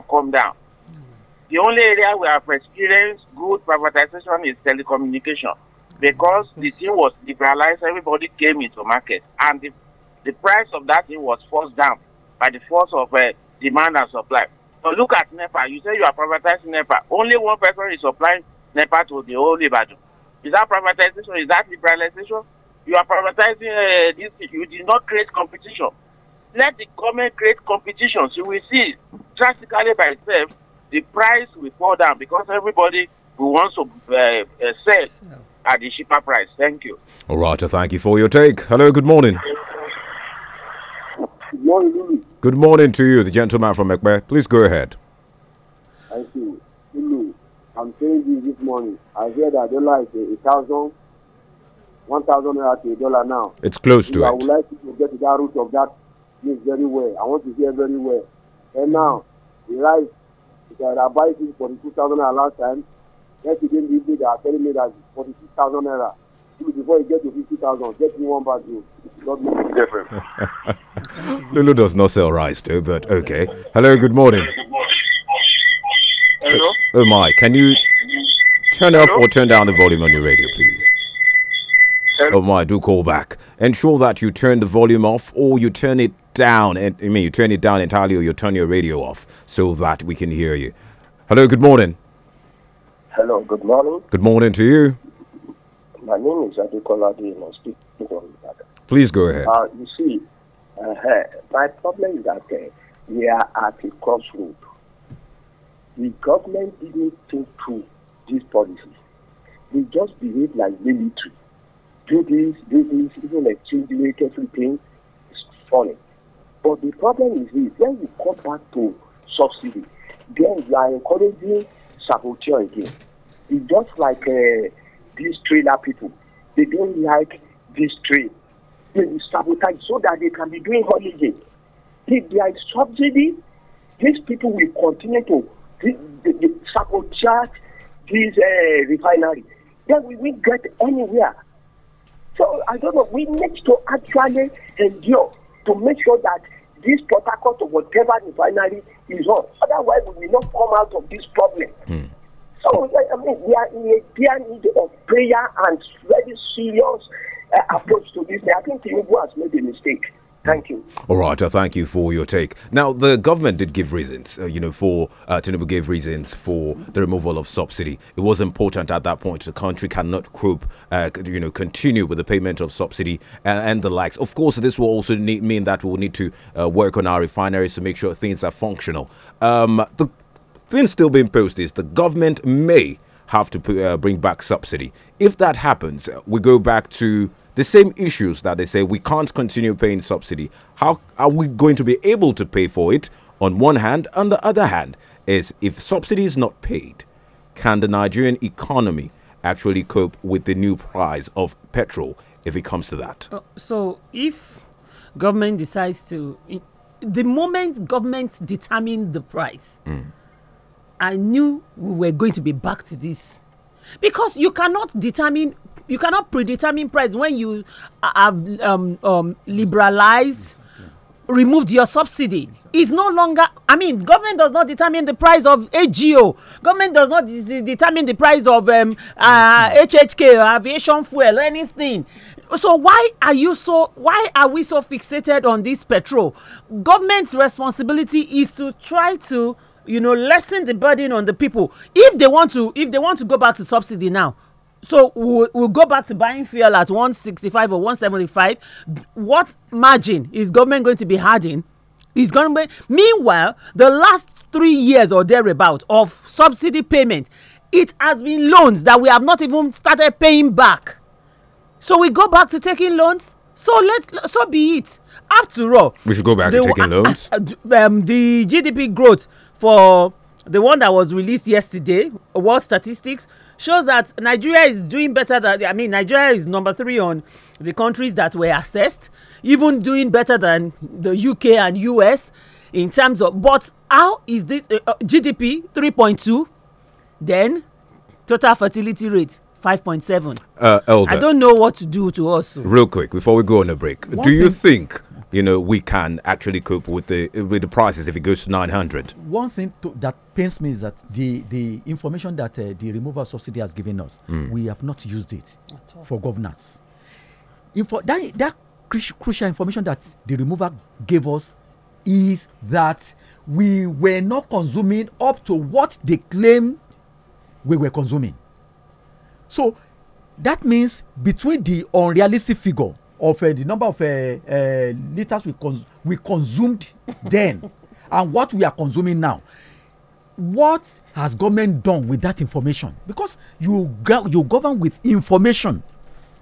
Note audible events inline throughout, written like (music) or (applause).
and come down. The only area we have experienced good privatization is telecommunication because the thing was liberalized, everybody came into market, and the, the price of that thing was forced down by the force of uh, demand and supply. So look at NEPA. You say you are privatizing NEPA. Only one person is supplying NEPA to the whole Ibadan. Is that privatization? Is that liberalization? You are privatizing uh, this. You did not create competition let the government create competitions. You will see drastically by itself the price will fall down because everybody will want to uh, uh, sell at the cheaper price. Thank you. All right, thank you for your take. Hello, good morning. Good morning. Good morning to you, the gentleman from Ekbe. Please go ahead. Thank you. I'm saying this this morning. I hear that dollar is a, thousand, one thousand naira to a dollar now. It's close to it. I would like to get to that root of that very well. I want to hear very well. And now, the right, if I buy this for 2,000 naira last time, yesterday evening they are telling me that it's 46,000 Before you get to 50,000, get me one bag. God make different. (laughs) Lulu does not sell rice, though, but okay. Hello, good morning. Hello? Oh, my. Can you turn off or turn down the volume on your radio, please? Oh my, do call back. Ensure that you turn the volume off or you turn it down. I mean, you turn it down entirely or you turn your radio off so that we can hear you. Hello, good morning. Hello, good morning. Good morning to you. My name is Adekola Dino, speaking from Please go ahead. Uh, you see, uh, my problem is that uh, we are at a crossroad. The government didn't think through this policy. They just behave like military do this, do this, even exchange everything is falling. But the problem is this when you come back to subsidy, then you are encouraging saboteur again. It's just like uh, these trailer people. They don't like this trade. They sabotage so that they can be doing holiday. If are subsidy, these people will continue to sabotage this uh, refinery. Then we will get anywhere. So I don't know. We need to actually endure to make sure that this protocol to whatever refinery is on. Otherwise, we will not come out of this problem. Mm. So I mean, we are in a dear need of prayer and very serious uh, approach to this. I think Tinubu has made a mistake. Thank you. All right, uh, thank you for your take. Now, the government did give reasons, uh, you know, for uh, Tinubu gave reasons for the removal of subsidy. It was important at that point. The country cannot cope, uh, you know, continue with the payment of subsidy and, uh, and the likes. Of course, this will also need, mean that we'll need to uh, work on our refineries to make sure things are functional. Um, the thing still being posted is the government may have to uh, bring back subsidy. If that happens, we go back to the same issues that they say we can't continue paying subsidy. How are we going to be able to pay for it on one hand? On the other hand, is if subsidy is not paid, can the Nigerian economy actually cope with the new price of petrol if it comes to that? Uh, so if government decides to the moment government determined the price, mm. I knew we were going to be back to this because you cannot determine you cannot predetermine price when you have um, um, liberalized removed your subsidy is no longer i mean government does not determine the price of ago government does not de determine the price of um, uh, hhk aviation fuel anything so why are you so why are we so fixated on this petrol government's responsibility is to try to you know lessen the burden on the people if they want to if they want to go back to subsidy now so we'll, we'll go back to buying fuel at 165 or 175 what margin is government going to be adding is going to be meanwhile the last three years or thereabout of subsidy payment it has been loans that we have not even started paying back so we go back to taking loans so let so be it after all we should go back the, to taking loans (coughs) um, the gdp growth for the one that was released yesterday, World Statistics, shows that Nigeria is doing better than, I mean, Nigeria is number three on the countries that were assessed, even doing better than the UK and US in terms of, but how is this uh, uh GDP 3.2, then total fertility rate 5.7? Uh, I don't know what to do to us. Real quick, before we go on a break, do you think you know, we can actually cope with the with the prices if it goes to 900. One thing to, that pains me is that the the information that uh, the removal subsidy has given us, mm. we have not used it for governance. Info that that crucial information that the remover gave us is that we were not consuming up to what they claim we were consuming. So that means between the unrealistic figure of uh, the number of uh, uh, liters we, cons we consumed (laughs) then and what we are consuming now what has government done with that information because you go you govern with information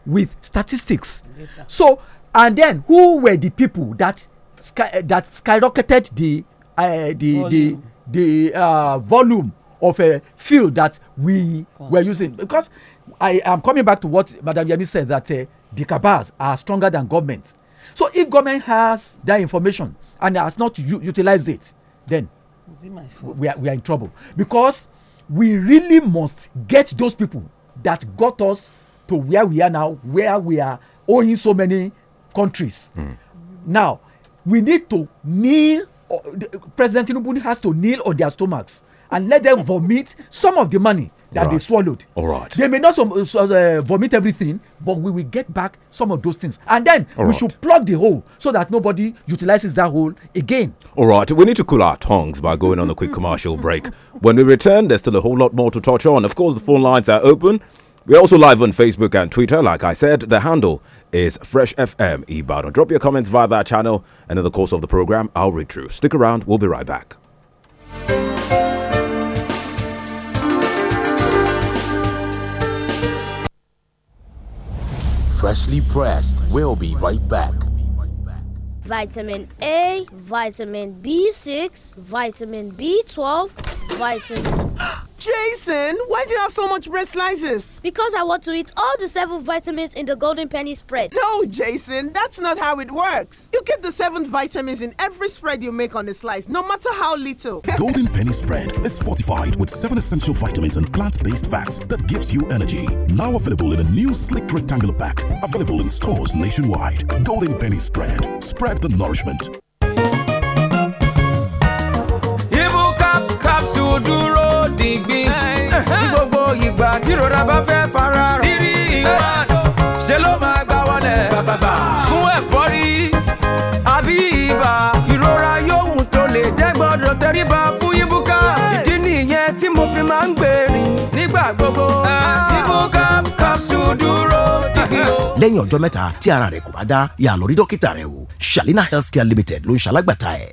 with statistics so and then who were the people that sky uh, that skyrocketed the uh, the volume. the the uh, volume of a field that we were using because i am coming back to what madam yemi said that uh, the cabals are stronger than government so if government has that information and has not utilized it then it we are we are in trouble because we really must get those people that got us to where we are now where we are owing so many countries mm. now we need to kneel uh, president tinubu has to kneel on their stomachs and let them vomit some of the money that right. they swallowed. All right. They may not uh, uh, vomit everything, but we will get back some of those things. And then All we right. should plug the hole so that nobody utilizes that hole again. All right. We need to cool our tongues by going on a quick commercial break. When we return, there's still a whole lot more to touch on. Of course, the phone lines are open. We're also live on Facebook and Twitter. Like I said, the handle is Fresh FM Ibadan. Drop your comments via that channel, and in the course of the program, I'll read through. Stick around, we'll be right back. Freshly pressed. We'll be right back. Vitamin A, vitamin B6, vitamin B12, vitamin. Jason, why do you have so much bread slices? Because I want to eat all the seven vitamins in the golden penny spread. No, Jason, that's not how it works. You get the seven vitamins in every spread you make on a slice, no matter how little. (laughs) golden penny spread is fortified with seven essential vitamins and plant-based fats that gives you energy. Now available in a new sleek rectangular pack, available in stores nationwide. Golden penny spread. Spread the nourishment. Ibu gbingbin ní gbogbo ìgbà tí ìrora bá fẹ́ fara rọ tírí ìwọ́n eh, ṣe ló máa gbá wọlé fún ẹ̀fọ́rí àbí ibà ìrora yóò tó lè jẹ́ gbọ́dọ̀ tẹríba fún ibùkà ìdí nìyẹn tí mo fi máa ń gbèrè nígbà gbogbo ibùkà eh, capsule dúró dìbì (laughs) lẹ́yìn ọjọ́ mẹ́ta tí ara rẹ̀ kò bá dá yà lọ dókítà rẹ̀ o Shalina Healthcare Limited ló ń ṣalágbàtà ẹ̀.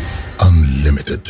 Unlimited.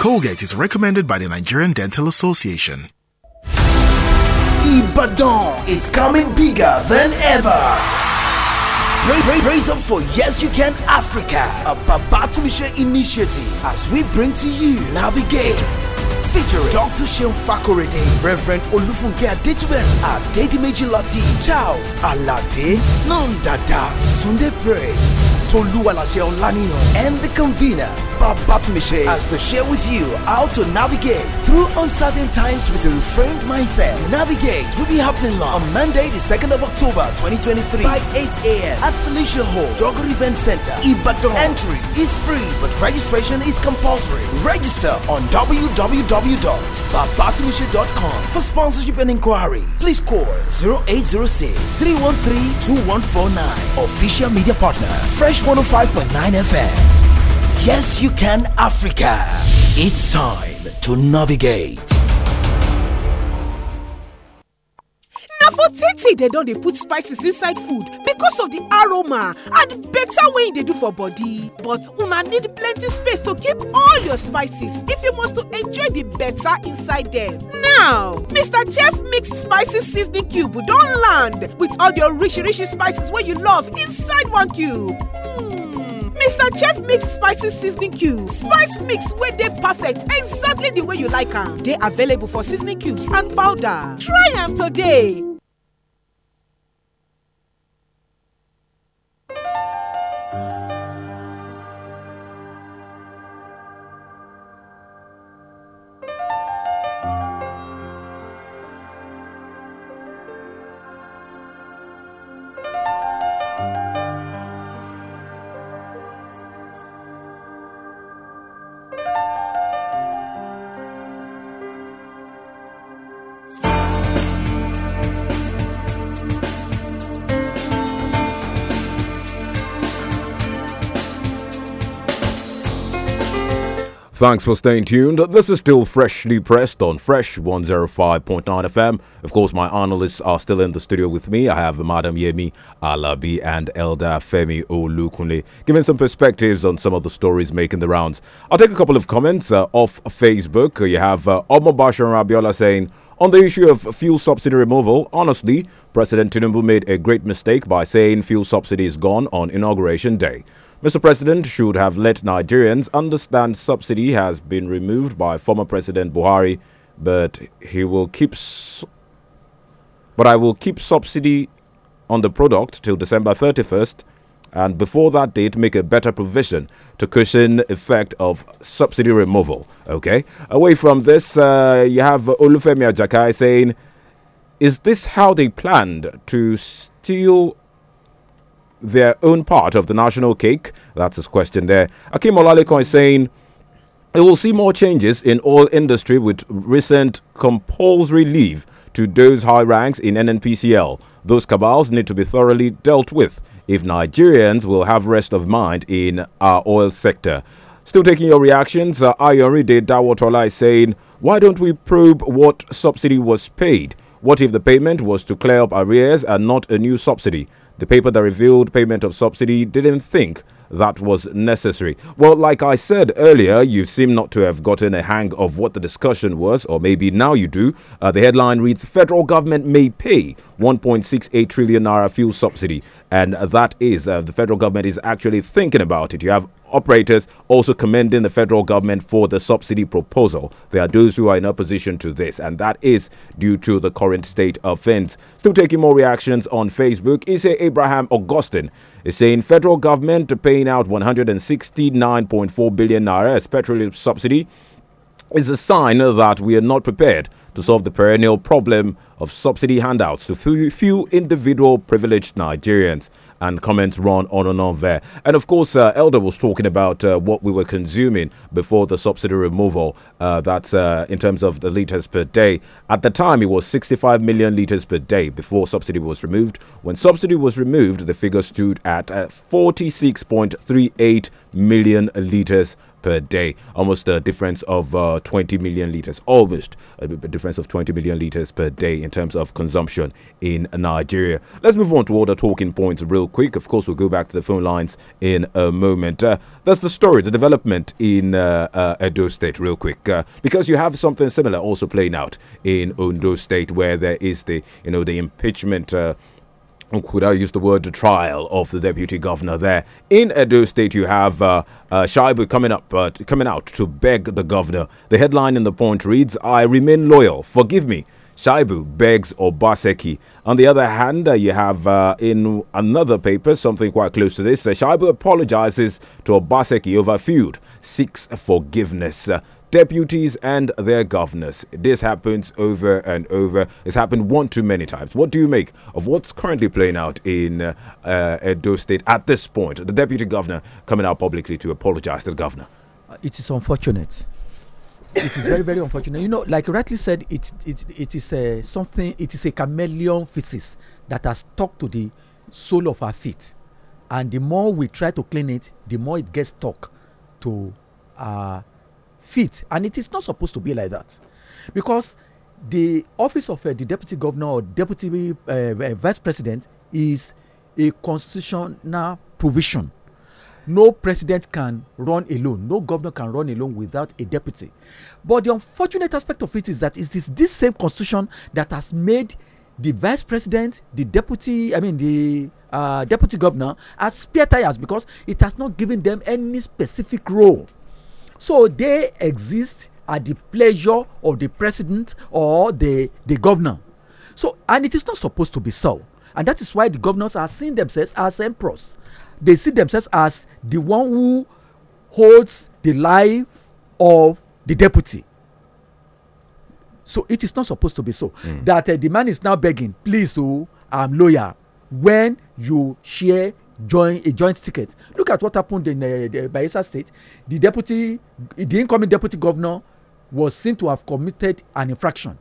Colgate is recommended by the Nigerian Dental Association. Ibadan is coming bigger than ever. Raise, raise up for Yes You Can Africa, a Babatumisha initiative as we bring to you Navigate featuring Dr. Shem Fakorede, Reverend Olufunke Adetuben, Adedimeji Lati, Charles Alade, Nandada, Tunde Pray, and the convener Babatunde has to share with you how to navigate through uncertain times with a reframed mindset. Navigate will be happening live on Monday, the 2nd of October 2023 by 8 a.m. at Felicia Hall, Jogger Event Center, Ibadan. Entry is free but registration is compulsory. Register on www.babatunde.com for sponsorship and inquiry. Please call 0806 313 2149. Official media partner, Fresh 105.9 FM. Yes, you can, Africa. It's time to navigate. Now, for titi they don't put spices inside food because of the aroma and better way they do for body but una need plenty space to keep all your spices if you want to enjoy the better inside them. now mr chef mixed spices seasoning cube don't land with all your the orishirishi spices where you love inside one cube mr chef mix spicy seasoning cubes spice mix where they perfect exactly the way you like am dey available for seasoning cubes and powder try them today Thanks for staying tuned. This is still freshly pressed on Fresh 105.9 FM. Of course, my analysts are still in the studio with me. I have Madam Yemi Alabi and Elder Femi Olukunle giving some perspectives on some of the stories making the rounds. I'll take a couple of comments uh, off Facebook. You have uh, Omo Bashir Rabiola saying, on the issue of fuel subsidy removal, honestly, President Tinubu made a great mistake by saying fuel subsidy is gone on inauguration day. Mr. President should have let Nigerians understand subsidy has been removed by former President Buhari, but he will keep but I will keep subsidy on the product till December 31st and before that date make a better provision to cushion effect of subsidy removal okay away from this uh, you have Olufemi Ajakai saying is this how they planned to steal their own part of the national cake? That's his question there. Akim Olaleko is saying, it will see more changes in all industry with recent compulsory leave to those high ranks in NNPCL. Those cabals need to be thoroughly dealt with if Nigerians will have rest of mind in our oil sector. Still taking your reactions, uh, Ayoride Dawotola is saying, Why don't we probe what subsidy was paid? What if the payment was to clear up arrears and not a new subsidy? The paper that revealed payment of subsidy didn't think that was necessary. Well, like I said earlier, you seem not to have gotten a hang of what the discussion was, or maybe now you do. Uh, the headline reads Federal government may pay 1.68 trillion naira fuel subsidy. And that is, uh, the federal government is actually thinking about it. You have Operators also commending the federal government for the subsidy proposal. There are those who are in opposition to this, and that is due to the current state of things. Still taking more reactions on Facebook, Ise Abraham Augustine is saying federal government paying out 169.4 billion naira as petrol subsidy is a sign that we are not prepared to solve the perennial problem of subsidy handouts to few, few individual privileged Nigerians and comments run on and on there. And of course, uh, Elder was talking about uh, what we were consuming before the subsidy removal. Uh, that's uh, in terms of the liters per day. At the time, it was 65 million liters per day before subsidy was removed. When subsidy was removed, the figure stood at uh, 46.38 million liters per day, almost a difference of uh, 20 million liters, almost a difference of 20 million liters per day in terms of consumption in Nigeria. Let's move on to other talking points real quick. Of course, we'll go back to the phone lines in a moment. Uh, that's the story, the development in uh, uh Edo State, real quick, uh, because you have something similar also playing out in Ondo State, where there is the you know the impeachment uh, could I use the word the trial of the deputy governor there. In Edo State, you have uh, uh, Shaibu coming up, uh, coming out to beg the governor. The headline in the point reads, "I remain loyal. Forgive me." Shaibu begs Obaseki. On the other hand, uh, you have uh, in another paper something quite close to this. Uh, Shaibu apologizes to Obaseki over feud, seeks forgiveness. Uh, deputies and their governors. This happens over and over. It's happened one too many times. What do you make of what's currently playing out in uh, Edo State at this point? The deputy governor coming out publicly to apologize to the governor. Uh, it is unfortunate. It is very, very unfortunate. You know, like rightly said, it it, it is a, uh, something. It is a chameleon feces that has stuck to the sole of our feet, and the more we try to clean it, the more it gets stuck to our fit and it is not supposed to be like that because the office of uh, the deputy governor or deputy uh, uh, vice president is a constitutional provision no president can run alone no governor can run alone without a deputy but the unfortunate aspect of it is that it is this same constitution that has made the vice president the deputy i mean the uh, deputy governor as spare tires because it has not given them any specific role so they exist at the pleasure of the president or the, the governor. So, and it is not supposed to be so. And that is why the governors are seeing themselves as emperors. They see themselves as the one who holds the life of the deputy. So it is not supposed to be so. Mm. That uh, the man is now begging, please, oh, I'm lawyer. When you share join a joint ticket look at what happened in uh, the bayelsa state the deputy the incoming deputy governor was seen to have committed an infraction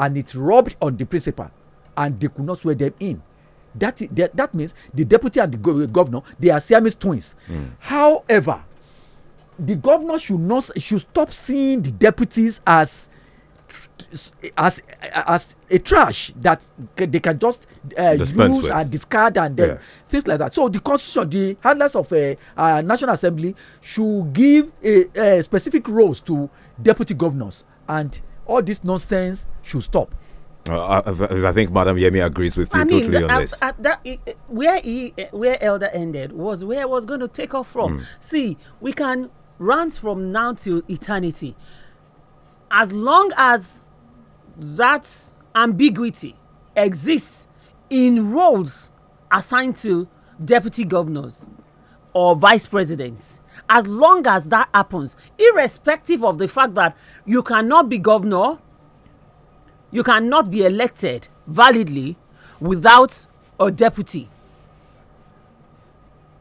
and it rubbed on the principal and they could not swear them in that that, that means the deputy and the uh, governor they are siamese twins mm. however the governor should not should stop seeing the deputies as as as a trash that they can just uh, use with. and discard and yeah. things like that. So the constitution, the handlers of a uh, uh, national assembly should give a, a specific roles to deputy governors, and all this nonsense should stop. Uh, I, I, think Madam Yemi agrees with you I mean, totally the, on uh, this. Uh, that, where he, where Elder ended was where I was going to take off from. Mm. See, we can rant from now till eternity. As long as that ambiguity exists in roles assigned to deputy governors or vice presidents as long as that happens irrespective of the fact that you cannot be governor you cannot be elected validly without a deputy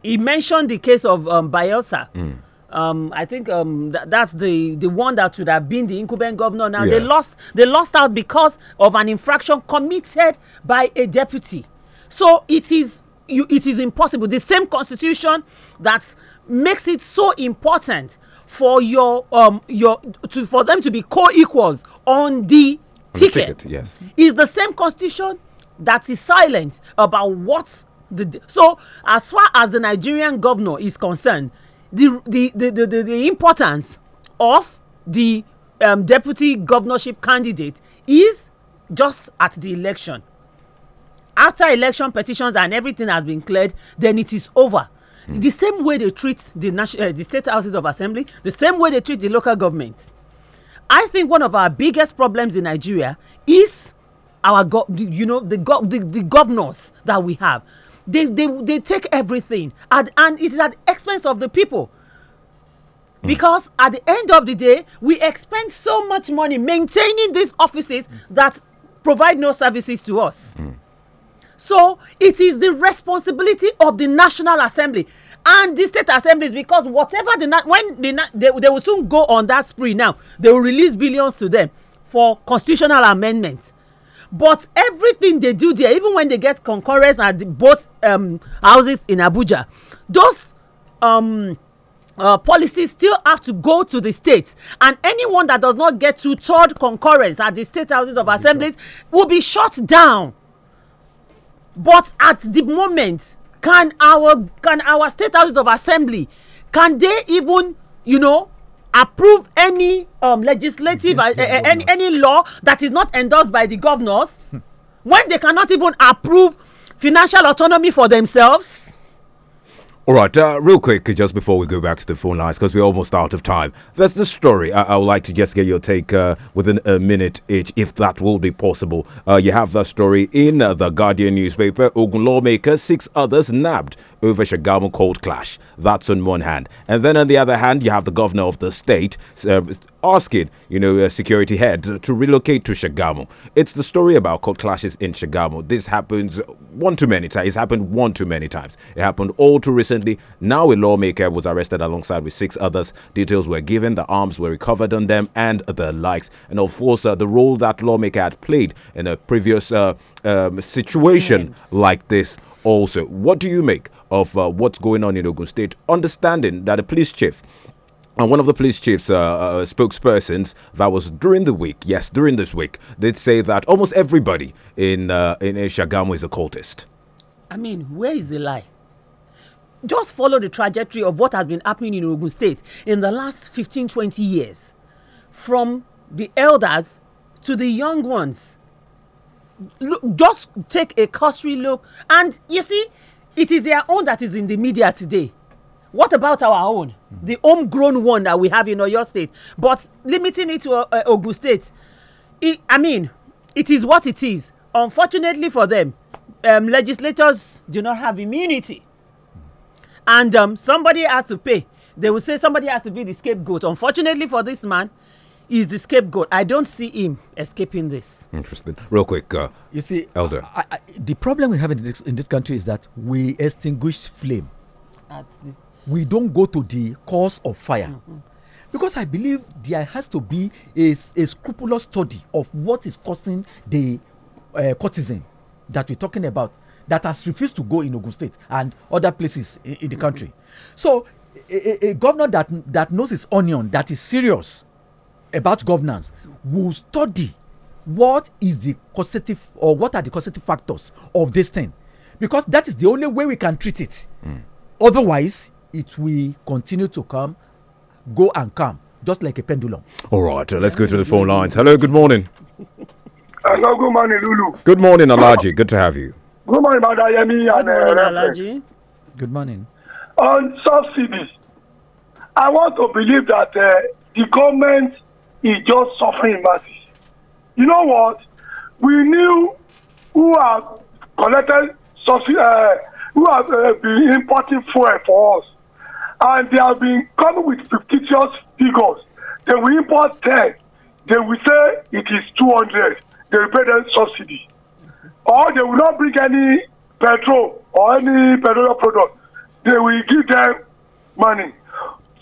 he mentioned the case of um, Bielsa mm. Um, I think um, th that's the the one that would have been the incumbent governor. Now yeah. they lost they lost out because of an infraction committed by a deputy. So it is you, it is impossible. The same constitution that makes it so important for your um your to, for them to be co-equals on the on ticket, the ticket yes. is the same constitution that is silent about what the so as far as the Nigerian governor is concerned the the the the, the, importance of the um, deputy governorship candidate is just at the election after election petitions and everything has been cleared then it is over mm. the same way they treat the national uh, the state houses of assembly the same way they treat the local governments i think one of our biggest problems in nigeria is our you know the, the the governors that we have they, they, they take everything, at, and it is at the expense of the people. Hmm. Because at the end of the day, we expend so much money maintaining these offices that provide no services to us. Hmm. So it is the responsibility of the National Assembly and the state assemblies because whatever the when the they, they will soon go on that spree now they will release billions to them for constitutional amendments but everything they do there, even when they get concurrence at both um, houses in Abuja, those um, uh, policies still have to go to the states and anyone that does not get two third concurrence at the state houses of assemblies will be shut down but at the moment can our can our state houses of assembly can they even you know approve any um, legislative uh, uh, any, any law that is not endorsed by the governors hmm. when they cannot even approve financial autonomy for themselves all right, uh, real quick, just before we go back to the phone lines, because we're almost out of time. That's the story. I, I would like to just get your take uh, within a minute each, if that will be possible. Uh, you have that story in uh, the Guardian newspaper. Ogun lawmaker, six others nabbed over Shagamu cold clash. That's on one hand. And then on the other hand, you have the governor of the state, uh, asking, you know, security head to, relocate to Shagamu. It's the story about court clashes in Shagamu. This happens one too many times. It's happened one too many times. It happened all too recently. Now a lawmaker was arrested alongside with six others. Details were given, the arms were recovered on them, and the likes. And of course, uh, the role that lawmaker had played in a previous uh, um, situation like this also. What do you make of uh, what's going on in Ogun State? Understanding that the police chief and one of the police chief's uh, uh, spokespersons that was during the week, yes, during this week, did say that almost everybody in uh, in Shagamu is a cultist. I mean, where is the lie? Just follow the trajectory of what has been happening in Ogun State in the last 15, 20 years. From the elders to the young ones. Look, just take a cursory look. And you see, it is their own that is in the media today what about our own? Mm -hmm. The homegrown one that we have in Oyo State, but limiting it to uh, uh Ogun State. It, I mean, it is what it is. Unfortunately for them, um, legislators do not have immunity. And um, somebody has to pay. They will say somebody has to be the scapegoat. Unfortunately for this man, he's the scapegoat. I don't see him escaping this. Interesting. Real quick, uh, you see, Elder. I, I, the problem we have in this, in this country is that we extinguish flame we don't go to the cause of fire. Mm-hmm. Because I believe there has to be a, a scrupulous study of what is causing the uh, that we're talking about that has refused to go in Ogun State and other places in, in the mm-hmm. country. Mm-hmm. So, a, a, a, governor that, that knows his onion, that is serious about governance, will study what is the causative or what are the causative factors of this thing. Because that is the only way we can treat it. Mm. Otherwise, it will continue to come, go and come, just like a pendulum. All right, uh, let's go to the phone lines. Hello, good morning. Hello, good morning, Lulu. Good morning, Alaji. Good to have you. Good morning, Madayemi. Uh, good morning, Alaji. Good morning. On subsidies, I want to believe that uh, the government is just suffering masses. You know what? We knew who have collected subsidies, uh, who have uh, been importing fuel for us and they have been coming with fictitious figures they will import ten they will say it is two hundred they will pay them subsidy or they will not bring any petrol or any petroleum product they will give them money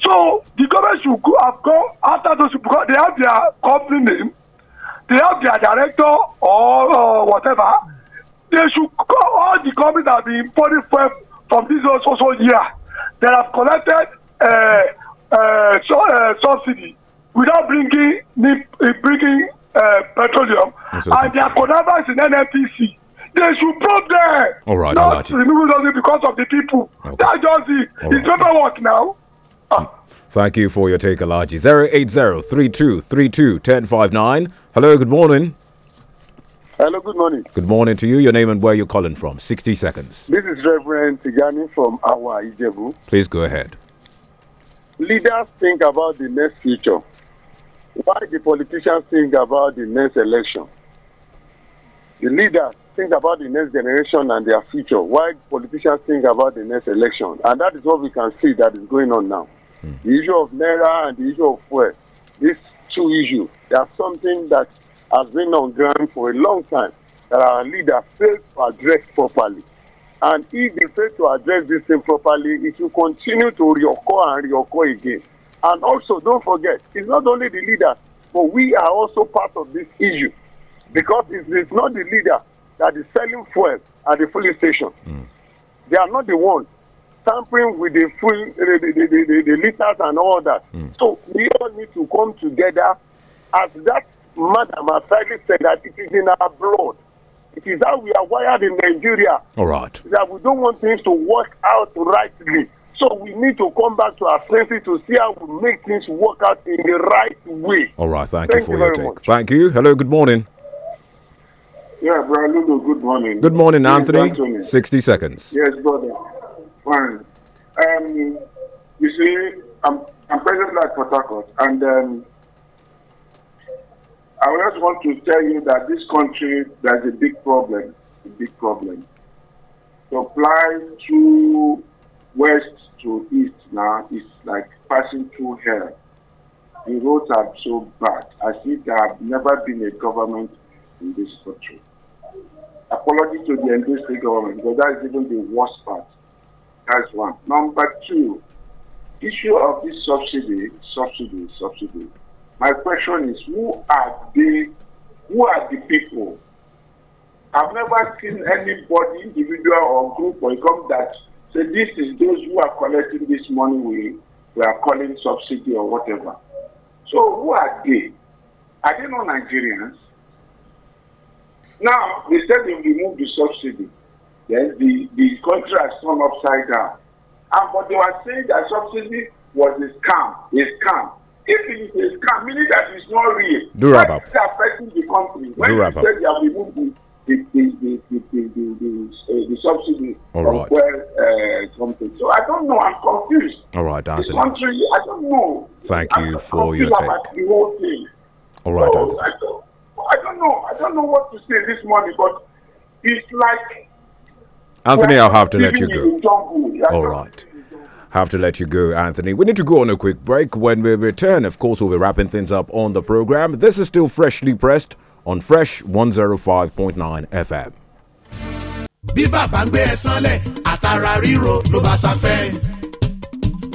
so the government should go have gone after those people because they have their company name they have their director or uh, whatever they should call all the companies that have been importing from this also year they have collected uh, uh, so, uh, subsidy without bringing bringing uh, petroleum, and they their connivance in NNPC. They should probe that All right, not removing it because of the people. Okay. That's just it. All it's right. paperwork now. Ah. Thank you for your take, Alaji. 080 Hello, good morning. Hello, good morning. Good morning to you. Your name and where you're calling from. 60 seconds. This is Reverend Tijani from Awa Ijebu. Please go ahead. Leaders think about the next future. Why the politicians think about the next election? The leaders think about the next generation and their future. Why politicians think about the next election? And that is what we can see that is going on now. Hmm. The issue of Naira and the issue of where. These two issues, they are something that has been on ground for a long time that our leaders fail to address properly. And if they fail to address this thing properly, it will continue to reoccur and reoccur again. And also, don't forget, it's not only the leaders, but we are also part of this issue. Because it's not the leader that is selling fuel at the fueling station. Mm. They are not the ones tampering with the fuel, the, the, the, the, the liters and all that. Mm. So we all need to come together as that madam has rightly said that it is in our blood. It is how we are wired in Nigeria. All right. That we don't want things to work out rightly. So we need to come back to our senses to see how we make things work out in the right way. All right. Thank, thank you for you your take. Much. Thank you. Hello. Good morning. Yeah, Brian good morning. Good morning, Anthony. 60 seconds. Yes, brother. Fine. Um, you see, I'm, I'm president at Port Harcourt, and um, I just want to tell you that this country, there's a big problem, a big problem. Supply to west to east now is like passing through hell. The roads are so bad, as if there have never been a government in this country. Apology to the industry government, because that is even the worst part. That's one. Number two, issue of this subsidy, subsidy, subsidy My question is, who are the Who are the people? I've never seen anybody, individual or group or income that say this is those who are collecting this money we, we are calling subsidy or whatever. So who are they? Are they not Nigerians? Now, they said they removed the subsidy. Then the, the country has turned upside down. And but they were saying that subsidy was a scam, a scam. if it is a scam meaning that it's not real. do wrap up. how is affecting the company. when you say they have removed the the the the the the, the, the, uh, the subsidy. all right. Where, uh, something. so I don't know. I'm confused. All right, Anthony. This country, I don't know. Thank I'm you for your take. About the whole thing. All right, so, Anthony. I don't, know. I don't know what to say this morning, but it's like. Anthony, I'll have to let you go. Jungle, All right have to let you go, Anthony. We need to go on a quick break. When we return, of course, we'll be wrapping things up on the program. This is still freshly pressed on Fresh 105.9 FM. bí bàbá ń gbé ẹ sanlẹ̀ àtàrà ríro ló bá sá fẹ́.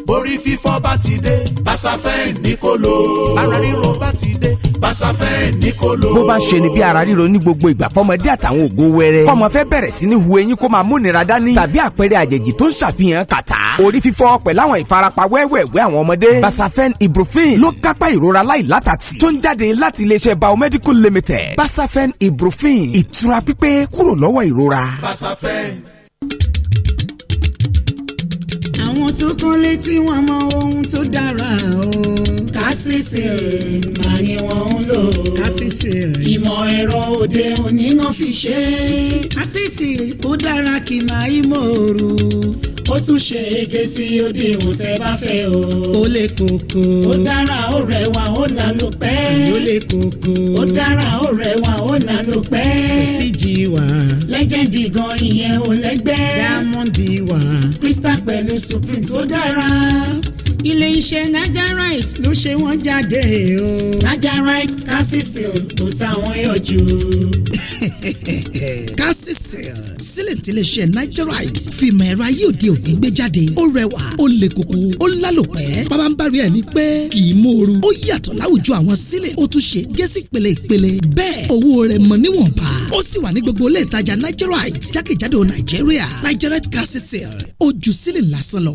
borí fífọ́ bá ti dé Basafen ní kó lò. ara ríro bá ti dé Basafen ní kó lò. bó bá ṣe ni bí ara ríro ní gbogbo ìgbà fọmọdé àtàwọn ògo wẹrẹ fọmọ fẹ́ bẹ̀rẹ̀ sí ní hu eyín kó máa múnira dání tàbí àpẹẹrẹ àjèjì tó ń ṣàfihàn kàtà orí fífọ́ pẹ̀lú àwọn ìfarapa wẹ́wẹ̀wẹ́ àwọn ọmọdé Basafen ibuprofen ló kápá ìrora láìlátàtì tó ń jáde láti iléeṣẹ́ biomedical limited Basafen ibuprofen ìtura pípé kúrò lọ́wọ́ ìrora. Basafen àwọn tó kán létí wọn mọ ohun tó dára o. kásìsì mà ni wọ́n ń lò. kásìsì ìmọ̀ ẹ̀rọ òde òní náà fi ṣe. kásìsì ó dára kì máa í mòrú ó tún ṣe ege sí òdiwọ̀n tẹ́ bá fẹ́ o. ó lè kókó. ó dára ó rẹwà ó lànà pẹ́. ó lè kókó. ó dára ó rẹwà ó lànà pẹ́. prestige wà. lẹ́gẹ̀dì gan ìyẹn ò lẹ́gbẹ́. diamond wà. crystal pẹ̀lú supreme tó dára ilé iṣẹ́ nigerite ló ṣe wọ́n jáde o. nigerite calcicil kò táwọn yọjú. calcicil (laughs) brazil sílẹ̀ tiléeṣẹ́ nigerite fìmọ̀ ẹ̀rọ ayé òde òní gbé jáde ó rẹwà ó le koko ó lálòpẹ́ bàbá ń bari ẹ̀ ní pẹ́ kì í mòoru ó yàtọ̀ láwùjọ àwọn sílẹ̀ ó tún ṣe gẹ́sì pèlè ìpèlè bẹ́ẹ̀ owó rẹ̀ mọ̀ níwọ̀nba ó sì wà ní gbogbo ilé ìtajà nigerite jákèjádò nàìjíríà nigerite gas sale ojú sílẹ̀ lásán lọ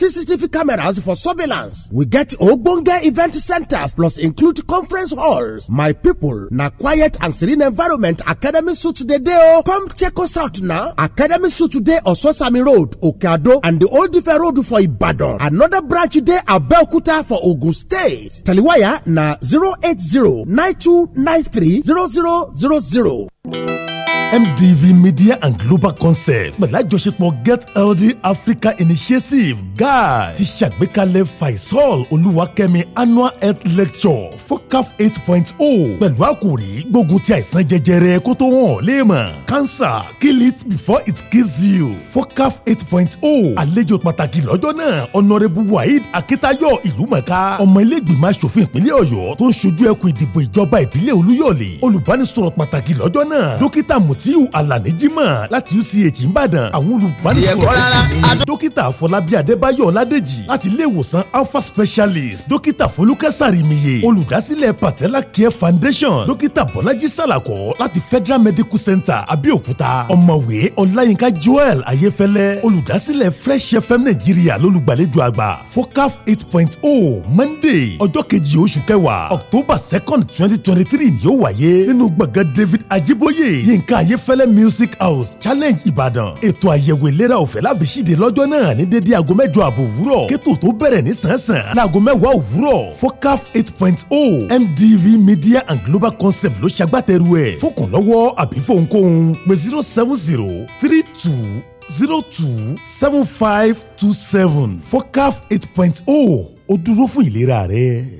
CCTV cameras for surveillance. We get Ogbonge event centers plus include conference halls. My people, na quiet and serene environment Academy Suit today Oh, Come check us out now. Academy Suit today Ososami Road, Okeado and the Old Ife Road for Ibadan. Another branch dey Abeokuta for Ogun State. Taliwaya na 080 9293 0000. MDV Media and Global Concept pẹ̀lú àjọṣepọ̀ Get Healthy Africa Initiative GAI ti ṣàgbékalẹ̀ Faisal Olúwakẹ́mi annual health lecture FOCAF eight point oh pẹ̀lú àkòrí gbógun ti àìsàn jẹjẹrẹ kó tó hàn léèmọ̀ e cancer kill it before it kills you FOCAF eight point oh àlejò pàtàkì lọ́jọ́ náà Honourable Waheed Akitayo Ìlúmọ̀ká ọmọ ilé ìgbìmọ̀ asòfin ìpínlẹ̀ Ọ̀yọ́ tó ń ṣojú ẹkùn ìdìbò ìjọba ìbílẹ̀ Olúyọ̀lé olùbánisọ̀rọ̀ pàtàkì lọ́jọ́ náà dókítà Mutiu Alani Jimoh láti UCH Ìbàdàn àwọn olùbánisọ̀rọ̀ dókítà Fọlábí Adébáyọ̀ Ọládèjì láti ilé ìwòsàn Alpha Specialist dókítà Folúkẹ́ Sàrìmìyè olùdásílẹ̀ Patella Care Foundation dókítà Bọ́lájí Sàlàkọ́ láti Federal Medical Center Abẹ́òkúta ọ̀mọ̀wé Ọláyínká Joel Ayéfẹ́lẹ́ olùdásílẹ̀ Fresh FM Nàìjíríà lólùgbàlejò àgbà FOCAF eight point oh Monday ọjọ́ kejì oṣù kẹwàá October second twenty twenty three ni ó wáyé nínú gbọ̀ngàn David Ajiboye Yínká yínká ayéfẹ́lẹ́ music house challenge ìbàdàn ètò àyẹ̀wò ìlera ọ̀fẹ́ láfiṣíde lọ́jọ́ náà ní dédé aago mẹ́jọ àbọ̀ òwúrọ̀ kẹ́tò tó bẹ̀rẹ̀ ní sàn-sàn láago mẹ́wàá òwúrọ̀ focaf eight point o oh mdv media and global concept ló ṣagbátẹrù ẹ̀ fọkànlọ́wọ́ àbí fòǹkóhun pé zero seven zero three two zero two seven five two seven focaf eight point o oh, ó dúró fún ìlera rẹ.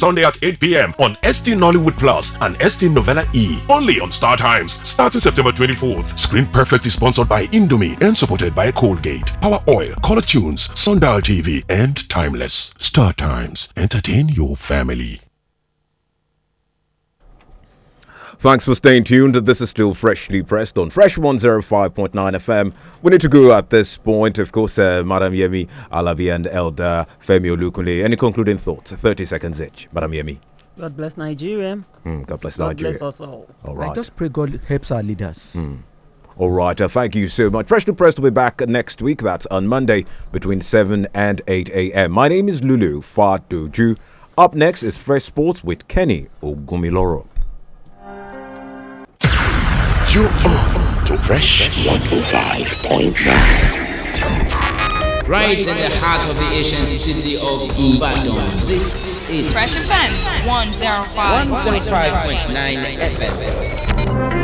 Sunday at 8 p.m. on ST Nollywood Plus and ST Novella E. Only on Star Times, starting September 24th. Screen Perfect is sponsored by Indomie and supported by Colgate, Power Oil, Color Tunes, Sundial TV, and Timeless. Star Times, entertain your family. Thanks for staying tuned. This is still freshly pressed on Fresh 105.9 FM. We need to go at this point, of course, uh, Madam Yemi Alavi and Elder Femi Olukunle. Any concluding thoughts? 30 seconds each, Madam Yemi. God bless Nigeria. Mm, God bless God Nigeria. God bless us all. All right. I just pray God helps our leaders. Mm. All right, uh, thank you so much. Freshly Pressed will be back next week. That's on Monday between 7 and 8 a.m. My name is Lulu Fadoju. Up next is Fresh Sports with Kenny Ogumiloro. You're on to Fresh 105.9. Right in the heart of the ancient city of Ibadan, this is Fresh FM 105.9 FM.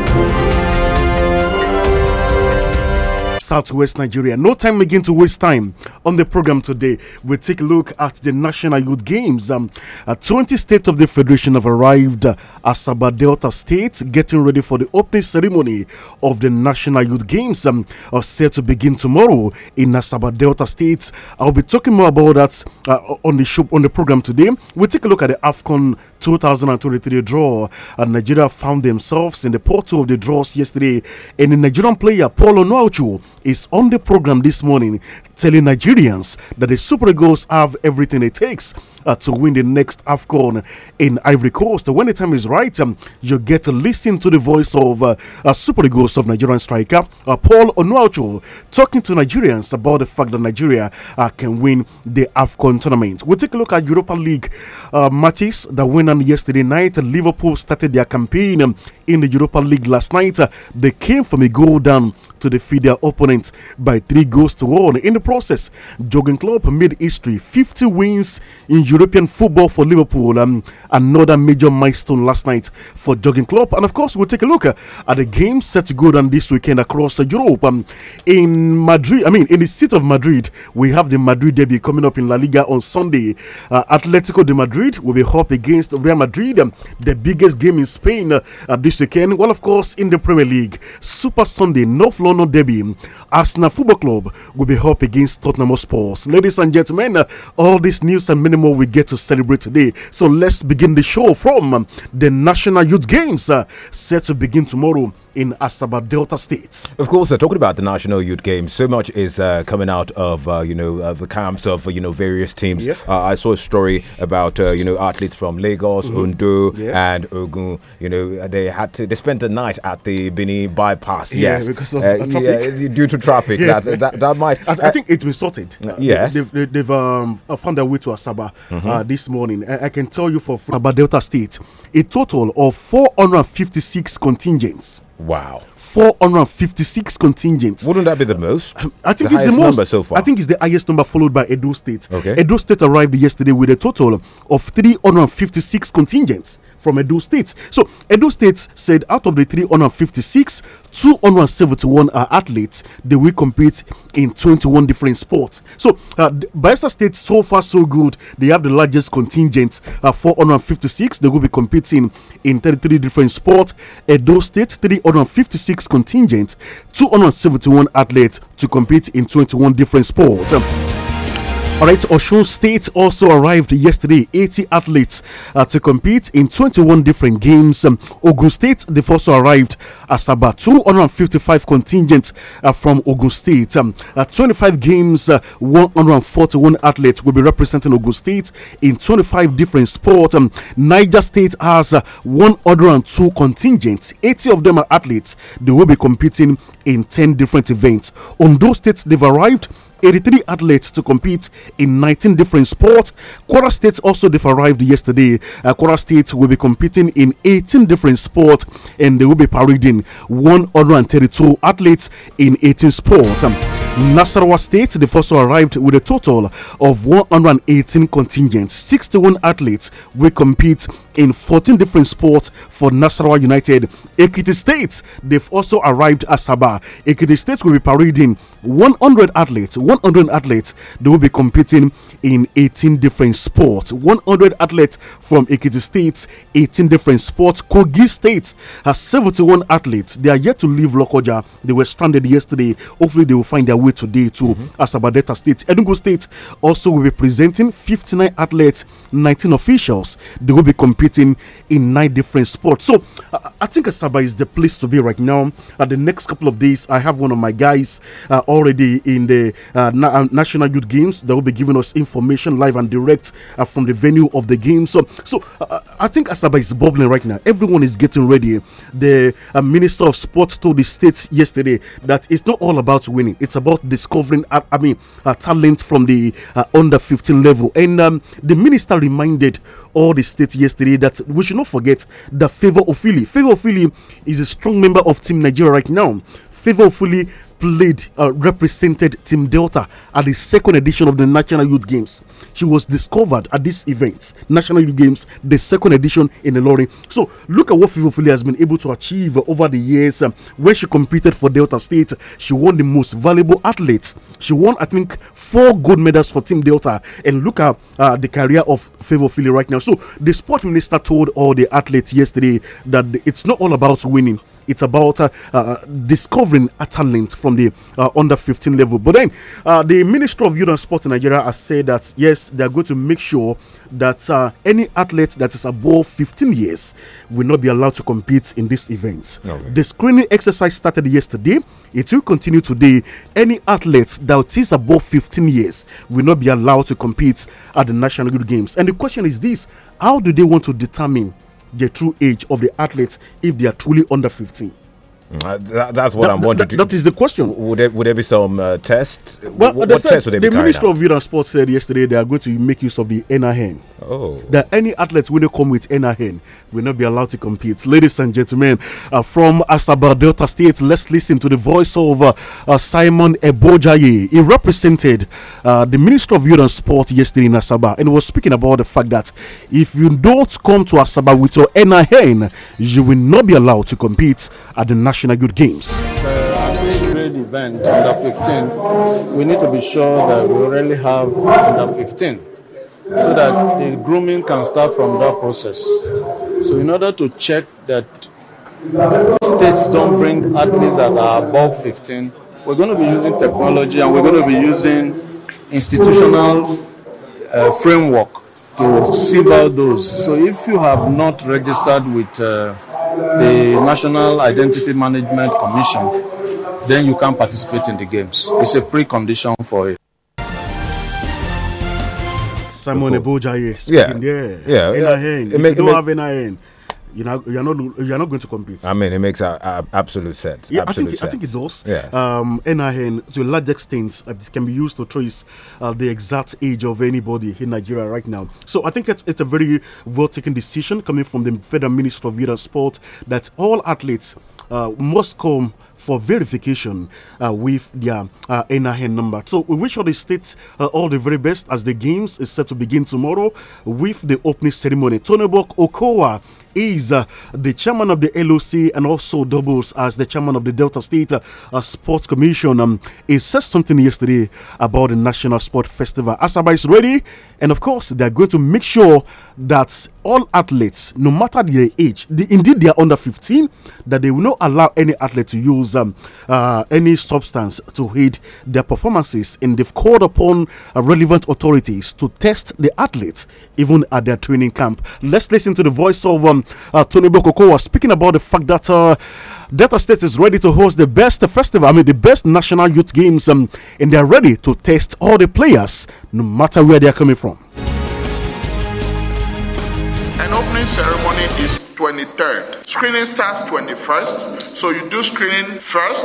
Southwest Nigeria. No time again to waste time on the program today. we we'll take a look at the National Youth Games. Um, uh, 20 states of the Federation have arrived uh, at Sabah Delta State, getting ready for the opening ceremony of the National Youth Games, um, are set to begin tomorrow in Asaba Delta State. I'll be talking more about that uh, on the show on the program today. we we'll take a look at the AFCON 2023 draw. and uh, Nigeria found themselves in the portal of the draws yesterday, and the Nigerian player Paulo Onwuachu is on the program this morning telling Nigerians that the Super Eagles have everything it takes uh, to win the next AFCON in Ivory Coast. When the time is right, um, you get to listen to the voice of uh, uh, Super Eagles of Nigerian striker uh, Paul Onuachu talking to Nigerians about the fact that Nigeria uh, can win the AFCON tournament. We'll take a look at Europa League uh, matches that went on yesterday night. Liverpool started their campaign um, in the Europa League last night. they came from a goal down to defeat their opponents by three goals to one. In the process. Jurgen Klopp made history 50 wins in European football for Liverpool. Um, another major milestone last night for Jurgen Klopp. And of course, we'll take a look at the game set to go down this weekend across Europe. Um, in Madrid, I mean, in the city of Madrid, we have the Madrid derby coming up in La Liga on Sunday. Uh, Atletico de Madrid will be up against Real Madrid, um, the biggest game in Spain uh, this weekend. Well, of course, in the Premier League, Super Sunday, North London derby, Arsenal Football Club will be up against against Tottenham Sports, Ladies and gentlemen, uh, all this news and many more we get to celebrate today. So let's begin the show from um, the National Youth Games uh, set to begin tomorrow in Asaba Delta State. Of course, uh, talking about the National Youth Games, so much is uh, coming out of uh, you know uh, the camps of uh, you know various teams. Uh, I saw a story about you know athletes from Lagos, mm -hmm. Ondo, and Ogun. You know they had to they spent the night at the Bini bypass. Yeah, yes, because of traffic. Yeah, due to traffic. (laughs) yeah. that, that, that might. I, I think it sorted. Uh, yes. They, have they, um, found their way to Asaba mm -hmm. uh, mm-hmm. this morning. I, I, can tell you for about Delta State, a total of 456 contingents. Wow. 456 contingents. Wouldn't that be the most? Um, I think the it's the most. number so far. I think it's the highest number followed by Edo State. Okay. Edo State arrived yesterday with a total of 356 contingents from Edo State. So Edo State said out of the 356, 271 are athletes. They will compete in 21 different sports. So uh, Bayelsa State so far so good. They have the largest contingent, uh, 456. They will be competing in 33 different sports. Edo State 356 contingent 271 athletes to compete in 21 different sports. All right, Osho State also arrived yesterday, 80 athletes uh, to compete in 21 different games. Um, Ogun State, they've also arrived as about 255 contingents uh, from Ogun State. Um, uh, 25 games, uh, 141 athletes will be representing Ogun State in 25 different sports. Um, Niger State has uh, 102 contingents, 80 of them are athletes. They will be competing in 10 different events. Ondo State, they've arrived 83 athletes to compete in 19 different sports. Quora State also they've arrived yesterday. Uh, Quora State will be competing in 18 different sports and they will be parading 132 athletes in 18 sports. Um, Nasarawa State, they've also arrived with a total of 118 contingents. 61 athletes will compete in 14 different sports for Nasarawa United. Ekiti State, they've also arrived at Sabah. Ekiti State will be parading 100 athletes, 100 athletes, they will be competing in 18 different sports. 100 athletes from Ekiti states. 18 different sports. Kogi State has 71 athletes. They are yet to leave Lokoja. They were stranded yesterday. Hopefully, they will find their way today to mm -hmm. Asabadeta State. Enugu State also will be presenting 59 athletes, 19 officials. They will be competing in nine different sports. So, I, I think Asaba is the place to be right now. At the next couple of days, I have one of my guys. Uh, already in the uh, na uh, National Youth Games. They will be giving us information live and direct uh, from the venue of the game. So, so uh, I think Asaba is bubbling right now. Everyone is getting ready. The Minister of Sports told the state yesterday that it's not all about winning. It's about discovering, I mean, talent from the under 15 level. And um, the minister reminded all the states yesterday that we should not forget that Favor of Philly. Favor of Philly is a strong member of Team Nigeria right now. Favor of Philly played, uh, represented Team Delta at the second edition of the National Youth Games. She was discovered at this event, National Youth Games, the second edition in the lorry. So look at what Fifofili has been able to achieve over the years. Um, when she competed for Delta State, she won the most valuable athlete. She won, I think, four gold medals for Team Delta. And look at uh, the career of Fifofili right now. So the sport minister told all the athletes yesterday that it's not all about winning it's about uh, uh, discovering a talent from the uh, under 15 level. But then the Ministry of Youth and Sport in Nigeria has said that yes, they are going to make sure that any athlete that is above 15 years will not be allowed to compete in these events. Okay. The screening exercise started yesterday. It will continue today. Any athlete that is above 15 years will not be allowed to compete at the National Youth Games. And the question is this how do they want to determine the true age of the athletes if they are truly under 15? Mm, uh, that, that's what that, I'm wondering. That, that is the question. Would there, would there be some uh, test? Well, what, what said, test would they The Minister of Youth and Sports said yesterday they are going to make use of the hand. Oh. That any athletes when they come with NIN will not be allowed to compete. Ladies and gentlemen, uh, from Asaba Delta State, let's listen to the voice of uh, uh, Simon Ebojaye. He represented uh, the Minister of Youth and Sport yesterday in Asaba and was speaking about the fact that if you don't come to Asaba with your NIN, you will not be allowed to compete at the National Youth Games event under 15, we need to be sure that we really have under 15 so that the grooming can start from that process. So, in order to check that states don't bring athletes that are above 15, we're going to be using technology and we're going to be using institutional uh, framework to sieve out those. So, if you have not registered with uh, the National Identity Management Commission, then you can participate in the games. It's a precondition for it. Simon Eboja, yes. Yeah. yeah. Yeah. In yeah. hand. make, you don't have in a hand, you know, you're not you're not going to compete. I mean, it makes a, a absolute sense. Yeah, absolute I think sense. I think it does. Yeah. Um, NIN to a large extent uh, this can be used to trace uh, the exact age of anybody in Nigeria right now. So I think it's it's a very well taken decision coming from the Federal Minister of Youth and Sport that all athletes uh, must come for verification uh, with their uh, NIN number. So we wish all the states uh, all the very best as the games is set to begin tomorrow with the opening ceremony. Bok Okowa is uh, the chairman of the LOC and also doubles as the chairman of the Delta State uh, Sports Commission. Um, he said something yesterday about the National Sport Festival. Asaba is ready, and of course, they're going to make sure that all athletes, no matter their age, indeed they are under 15, that they will not allow any athlete to use um, uh, any substance to aid their performances. And they've called upon uh, relevant authorities to test the athletes even at their training camp. Let's listen to the voice of um, uh, Tony Bokoko was speaking about the fact that uh, Delta State is ready to host the best festival, I mean, the best national youth games, um, and they're ready to test all the players, no matter where they're coming from. An opening ceremony is 23rd. Screening starts 21st, so you do screening first,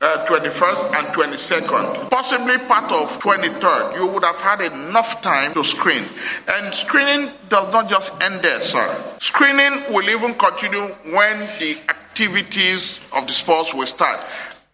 uh, 21st, and 22nd. Possibly part of 23rd. You would have had enough time to screen. And screening does not just end there, sir. Screening will even continue when the activities of the sports will start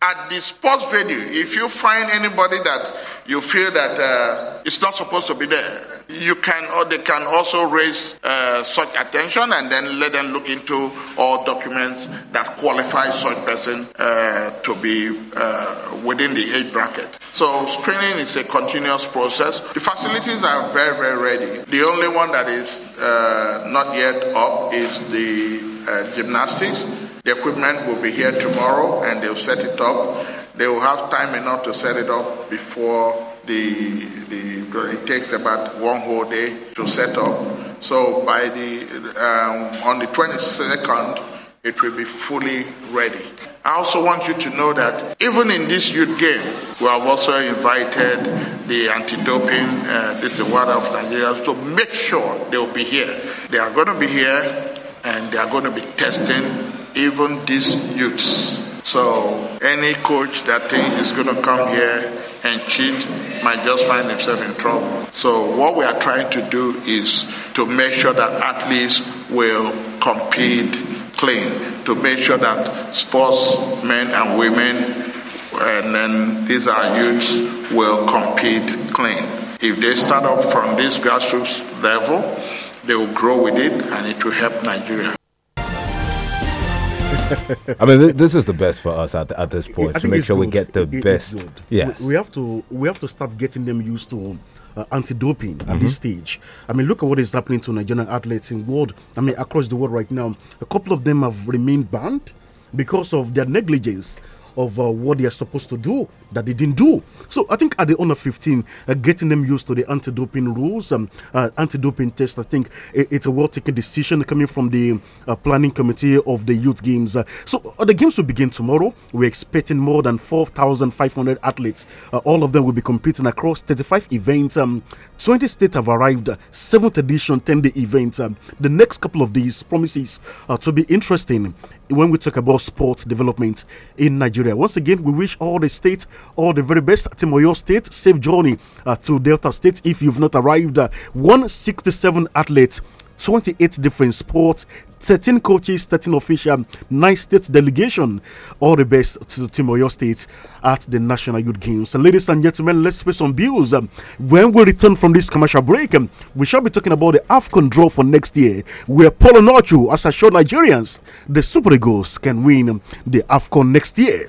at the sports venue, if you find anybody that you feel that uh, it's not supposed to be there, you can or they can also raise uh, such attention and then let them look into all documents that qualify such person uh, to be uh, within the age bracket. So screening is a continuous process. The facilities are very very ready. The only one that is uh, not yet up is the uh, gymnastics the equipment will be here tomorrow and they'll set it up. They will have time enough to set it up before the, the it takes about one whole day to set up. So by the um, on the 22nd, it will be fully ready. I also want you to know that even in this youth game, we have also invited the anti-doping, uh, this is the water of Nigeria, to so make sure they will be here. They are going to be here and they are going to be testing even these youths. So any coach that thinks he's going to come here and cheat might just find himself in trouble. So what we are trying to do is to make sure that athletes will compete clean, to make sure that sports men and women and then these are youths will compete clean. If they start up from this grassroots level, they will grow with it and it will help Nigeria. (laughs) I mean, this is the best for us at, at this point to make sure good. we get the it, best. Yes, we, we, have to we have to start getting them used to. Uh, anti-doping mm-hmm. at this mm-hmm. stage. I mean, look at what is happening to Nigerian athletes in world. I mean, across the world right now, a couple of them have remained banned because of their negligence of uh, what they are supposed to do that they didn't do. So I think at the under 15, uh, getting them used to the anti doping rules, um, uh, anti doping test, I think it, it's a well taken decision coming from the uh, planning committee of the youth games. Uh, so uh, the games will begin tomorrow. We're expecting more than 4,500 athletes. all of them will be competing across 35 events, um, so, 20 states have arrived, 7th uh, edition 10 day event. Um, the next couple of days promises uh, to be interesting when we talk about sport development in Nigeria. Once again, we wish all the states all the very best. Timoyo State, safe journey uh, to Delta State if you've not arrived. Uh, 167 athletes 28 different sports, 13 coaches, 13 officials, 9 state delegation. All the best to Team Oyo State at the National Youth Games. ladies and gentlemen, let's pay some bills. Um, when we return from this commercial break, um, we shall be talking about the AFCON draw for next year, where Polo Nocho has assured Nigerians the Super Eagles can win the AFCON next year.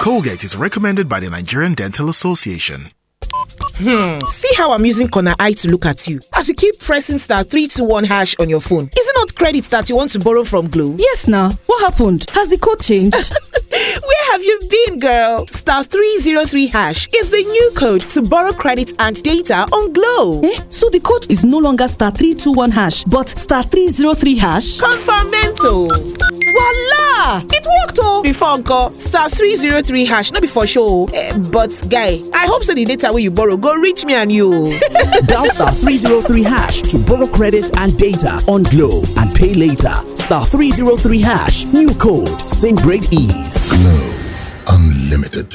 Colgate is recommended by the Nigerian Dental Association. Hmm. See how I'm using Connor Eye to look at you as you keep pressing star 321 hash on your phone. Is it not credit that you want to borrow from Glow? Yes, now. What happened? Has the code changed? (laughs) Where have you been, girl? Star 303 hash is the new code to borrow credit and data on Glow. Eh? So the code is no longer star 321 hash, but star 303 hash? Confirmento. Voila! It worked, oh! Before, uncle, star 303 hash, not before show. Oh. Eh, but, guy, I hope so the data where you borrow go reach me and you. (laughs) Dial star 303 hash to borrow credit and data on Glow and pay later. Star 303 hash, new code, same great ease. Glow Unlimited.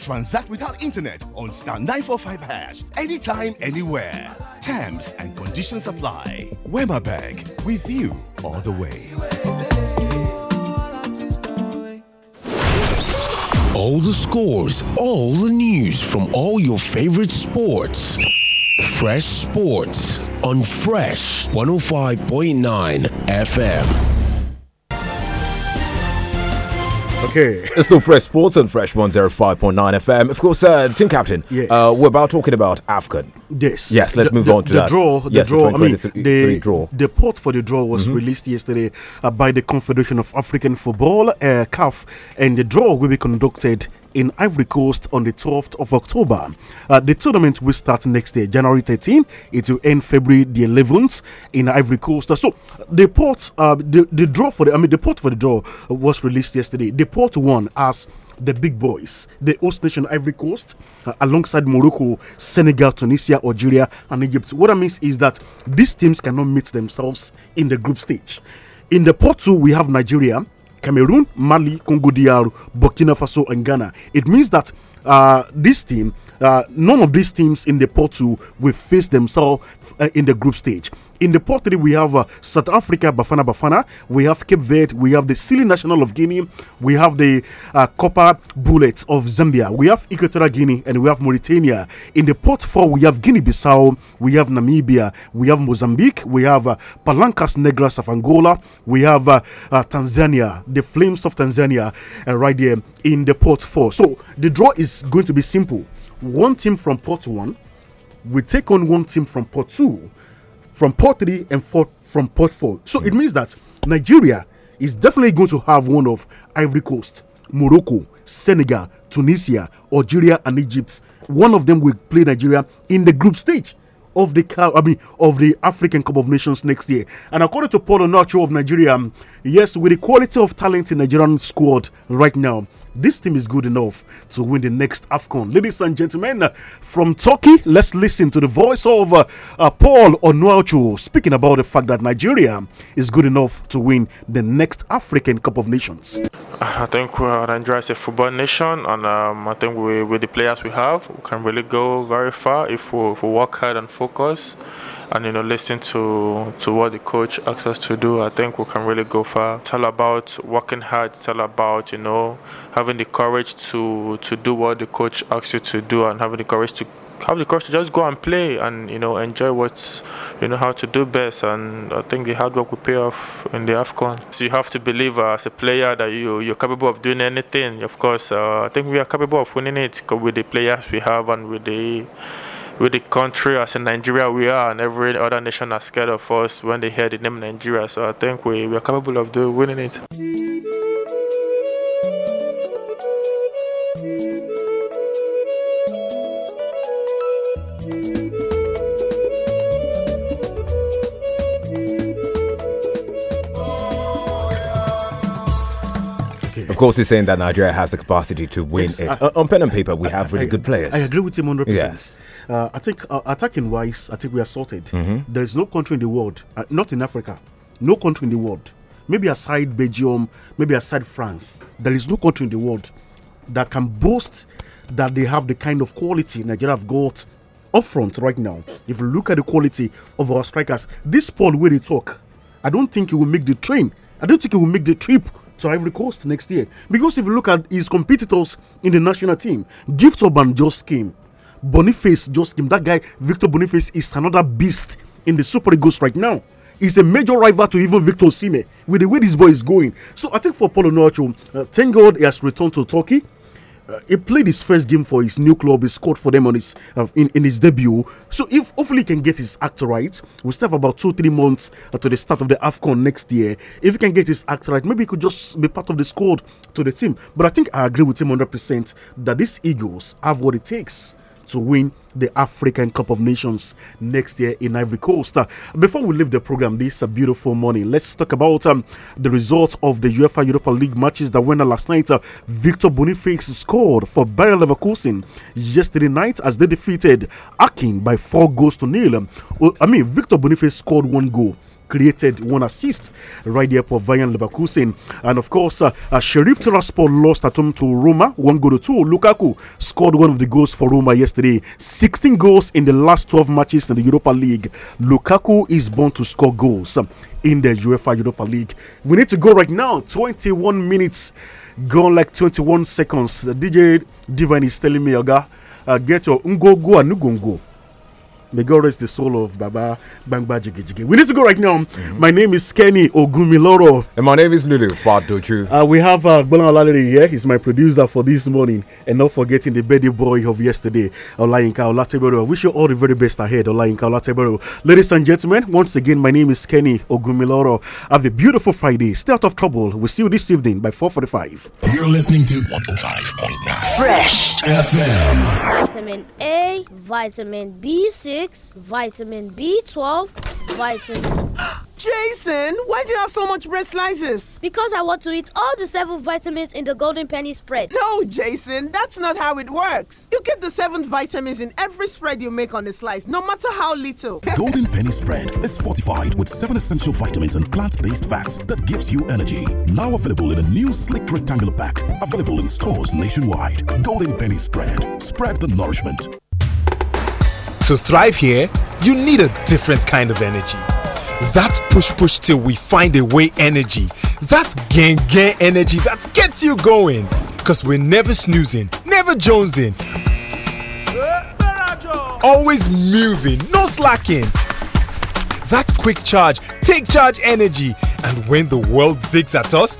transact without internet on star 945 hash anytime, anywhere. Terms and conditions apply. Wema Bank with you all the way. All the scores, all the news from all your favorite sports. Fresh Sports on Fresh 105.9 FM. Okay. It's still Fresh Sports and Fresh 105.9 FM. Of course, uh, team captain, uh, yes. Uh, we're about talking about AFCON. Yes. Yes, let's the, move the, on to the that. Draw, the yes, draw, the I mean, the, draw. the port for the draw was mm -hmm. released yesterday uh, by the Confederation of African Football, uh, CAF, and the draw will be conducted in Ivory Coast on the 12th of October. Uh, the tournament will start next year, January 13th. It will end February the 11th in Ivory Coast. So the port, uh, the, the draw for the, I mean, the port for the draw was released yesterday. The port won as the big boys, the host nation Ivory Coast, uh, alongside Morocco, Senegal, Tunisia, Algeria, and Egypt. What I mean is that these teams cannot meet themselves in the group stage. In the port two, we have Nigeria, Cameroon, Mali, Congo DR, Burkina Faso, and Ghana. It means that uh, this team, uh, none of these teams in the pot will face themselves uh, in the group stage. In the pot three, we have uh, South Africa, Bafana Bafana. We have Cape Verde. We have the Silly National of Guinea. We have the uh, Copper Bullets of Zambia. We have Equatorial Guinea and we have Mauritania. In the pot four, we have Guinea Bissau. We have Namibia. We have Mozambique. We have uh, Palancas Negras of Angola. We have uh, uh Tanzania, the Flames of Tanzania, uh, right there in the pot four. So the draw is going to be simple. One team from pot one we take on one team from pot two from port three and four from port four. So mm. it means that Nigeria is definitely going to have one of Ivory Coast, Morocco, Senegal, Tunisia, Algeria, and Egypt. One of them will play Nigeria in the group stage of the I mean of the African Cup of Nations next year. And according to Paul Onacho of Nigeria, um, yes, with the quality of talent in Nigerian squad right now, this team is good enough to win the next AFCON. Ladies and gentlemen, from Turkey, let's listen to the voice of uh, uh, Paul Onuachu speaking about the fact that Nigeria is good enough to win the next African Cup of Nations. I think uh, Nigeria is a football nation, and um, I think we, with the players we have, we can really go very far if we, if we work hard and focus and you know listen to to what the coach asks us to do, I think we can really go far. Tell about working hard. Tell about you know having the courage to to do what the coach asks you to do and having the courage to have the courage to just go and play and you know enjoy what you know how to do best and I think the hard work will pay off in the Afcon. So you have to believe uh, as a player that you you're capable of doing anything. Of course, uh, I think we are capable of winning it with the players we have and with the with the country as in Nigeria we are, and every other nation are scared of us when they hear the name Nigeria. So I think we, we are capable of doing winning it. Of course, he's saying that Nigeria has the capacity to win yes, it. I, uh, on pen and paper, we have really I, good players. I agree with him 100%. Yes. Uh, I think uh, attacking wise, I think we are sorted. Mm -hmm. There is no country in the world, uh, not in Africa, no country in the world, maybe aside Belgium, maybe aside France, there is no country in the world that can boast that they have the kind of quality Nigeria have got up front right now. If you look at the quality of our strikers, this Paul where they talk, I don't think he will make the train. I don't think he will make the trip to Ivory Coast next year. Because if you look at his competitors in the national team, Gift Urban just came. Boniface just came. That guy, Victor Boniface, is another beast in the Super Eagles right now. He's a major rival to even Victor Sime with the way this boy is going. So I think for Paulo Nacho, uh, thank God he has returned to Turkey. Uh, he played his first game for his new club. He scored for them on his uh, in in his debut. So if hopefully he can get his act right, we still have about two three months uh, to the start of the Afcon next year. If he can get his act right, maybe he could just be part of the squad to the team. But I think I agree with him hundred percent that these Eagles have what it takes to win the African Cup of Nations next year in Ivory Coast. Uh, before we leave the program this a uh, beautiful morning, let's talk about um, the results of the UEFA Europa League matches that went last night. Uh, Victor Boniface scored for Bayer Leverkusen yesterday night as they defeated Akin by four goals to nil. Um, I mean, Victor Boniface scored one goal created one assist right there for Vayan Leverkusen. And of course, uh, uh, Sheriff Tiraspol lost at home to Roma, one goal to two. Lukaku scored one of the goals for Roma yesterday. 16 goals in the last 12 matches in the Europa League. Lukaku is born to score goals in the UEFA Europa League. We need to go right now. 21 minutes gone, like 21 seconds. Uh, DJ Divine is telling me, Oga, uh, get your Ngogo and ngongo." May God rest the soul of Baba Bangba Jigijigi. We need to go right now. Mm -hmm. My name is Kenny Ogumiloro. And my name is Lulu Fadoju. Uh, we have uh, Bolan Olaleri here. He's my producer for this morning. And not forgetting the baby boy of yesterday, Olayinka Olatebero. I wish you all the very best ahead, Olayinka Olatebero. Ladies and gentlemen, once again, my name is Kenny Ogumiloro. Have a beautiful Friday. Stay out of trouble. We'll see you this evening by 4.45. You're listening to 105.9 Fresh FM. Vitamin A, vitamin B6 vitamin B12, vitamin. (gasps) Jason, why do you have so much bread slices? Because I want to eat all the seven vitamins in the golden penny spread. No, Jason, that's not how it works. You get the seven vitamins in every spread you make on a slice, no matter how little. golden penny spread is fortified with seven essential vitamins and plant-based fats that gives you energy. Now available in a new sleek rectangular pack, available in stores nationwide. Golden penny spread. Spread the nourishment. To thrive here, you need a different kind of energy. That push push till we find a way energy. That gang gang energy that gets you going. Cause we're never snoozing, never jonesing. Always moving, no slacking. That quick charge, take charge energy. And when the world zigs at us,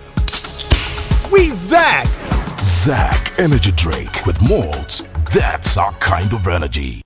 we zag. Zag Energy Drink with malts. That's our kind of energy.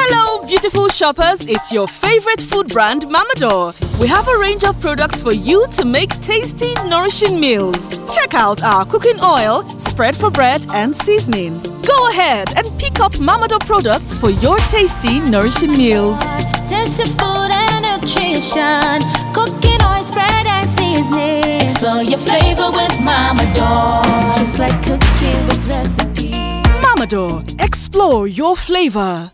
Hello, beautiful shoppers. It's your favorite food brand, Mamador. We have a range of products for you to make tasty, nourishing meals. Check out our cooking oil, spread for bread, and seasoning. Go ahead and pick up Mamador products for your tasty, nourishing meals. Tasty food and nutrition, cooking oil, spread, and seasoning. Explore your flavor with Mamador. Just like cooking with recipes. Mamador, explore your flavor.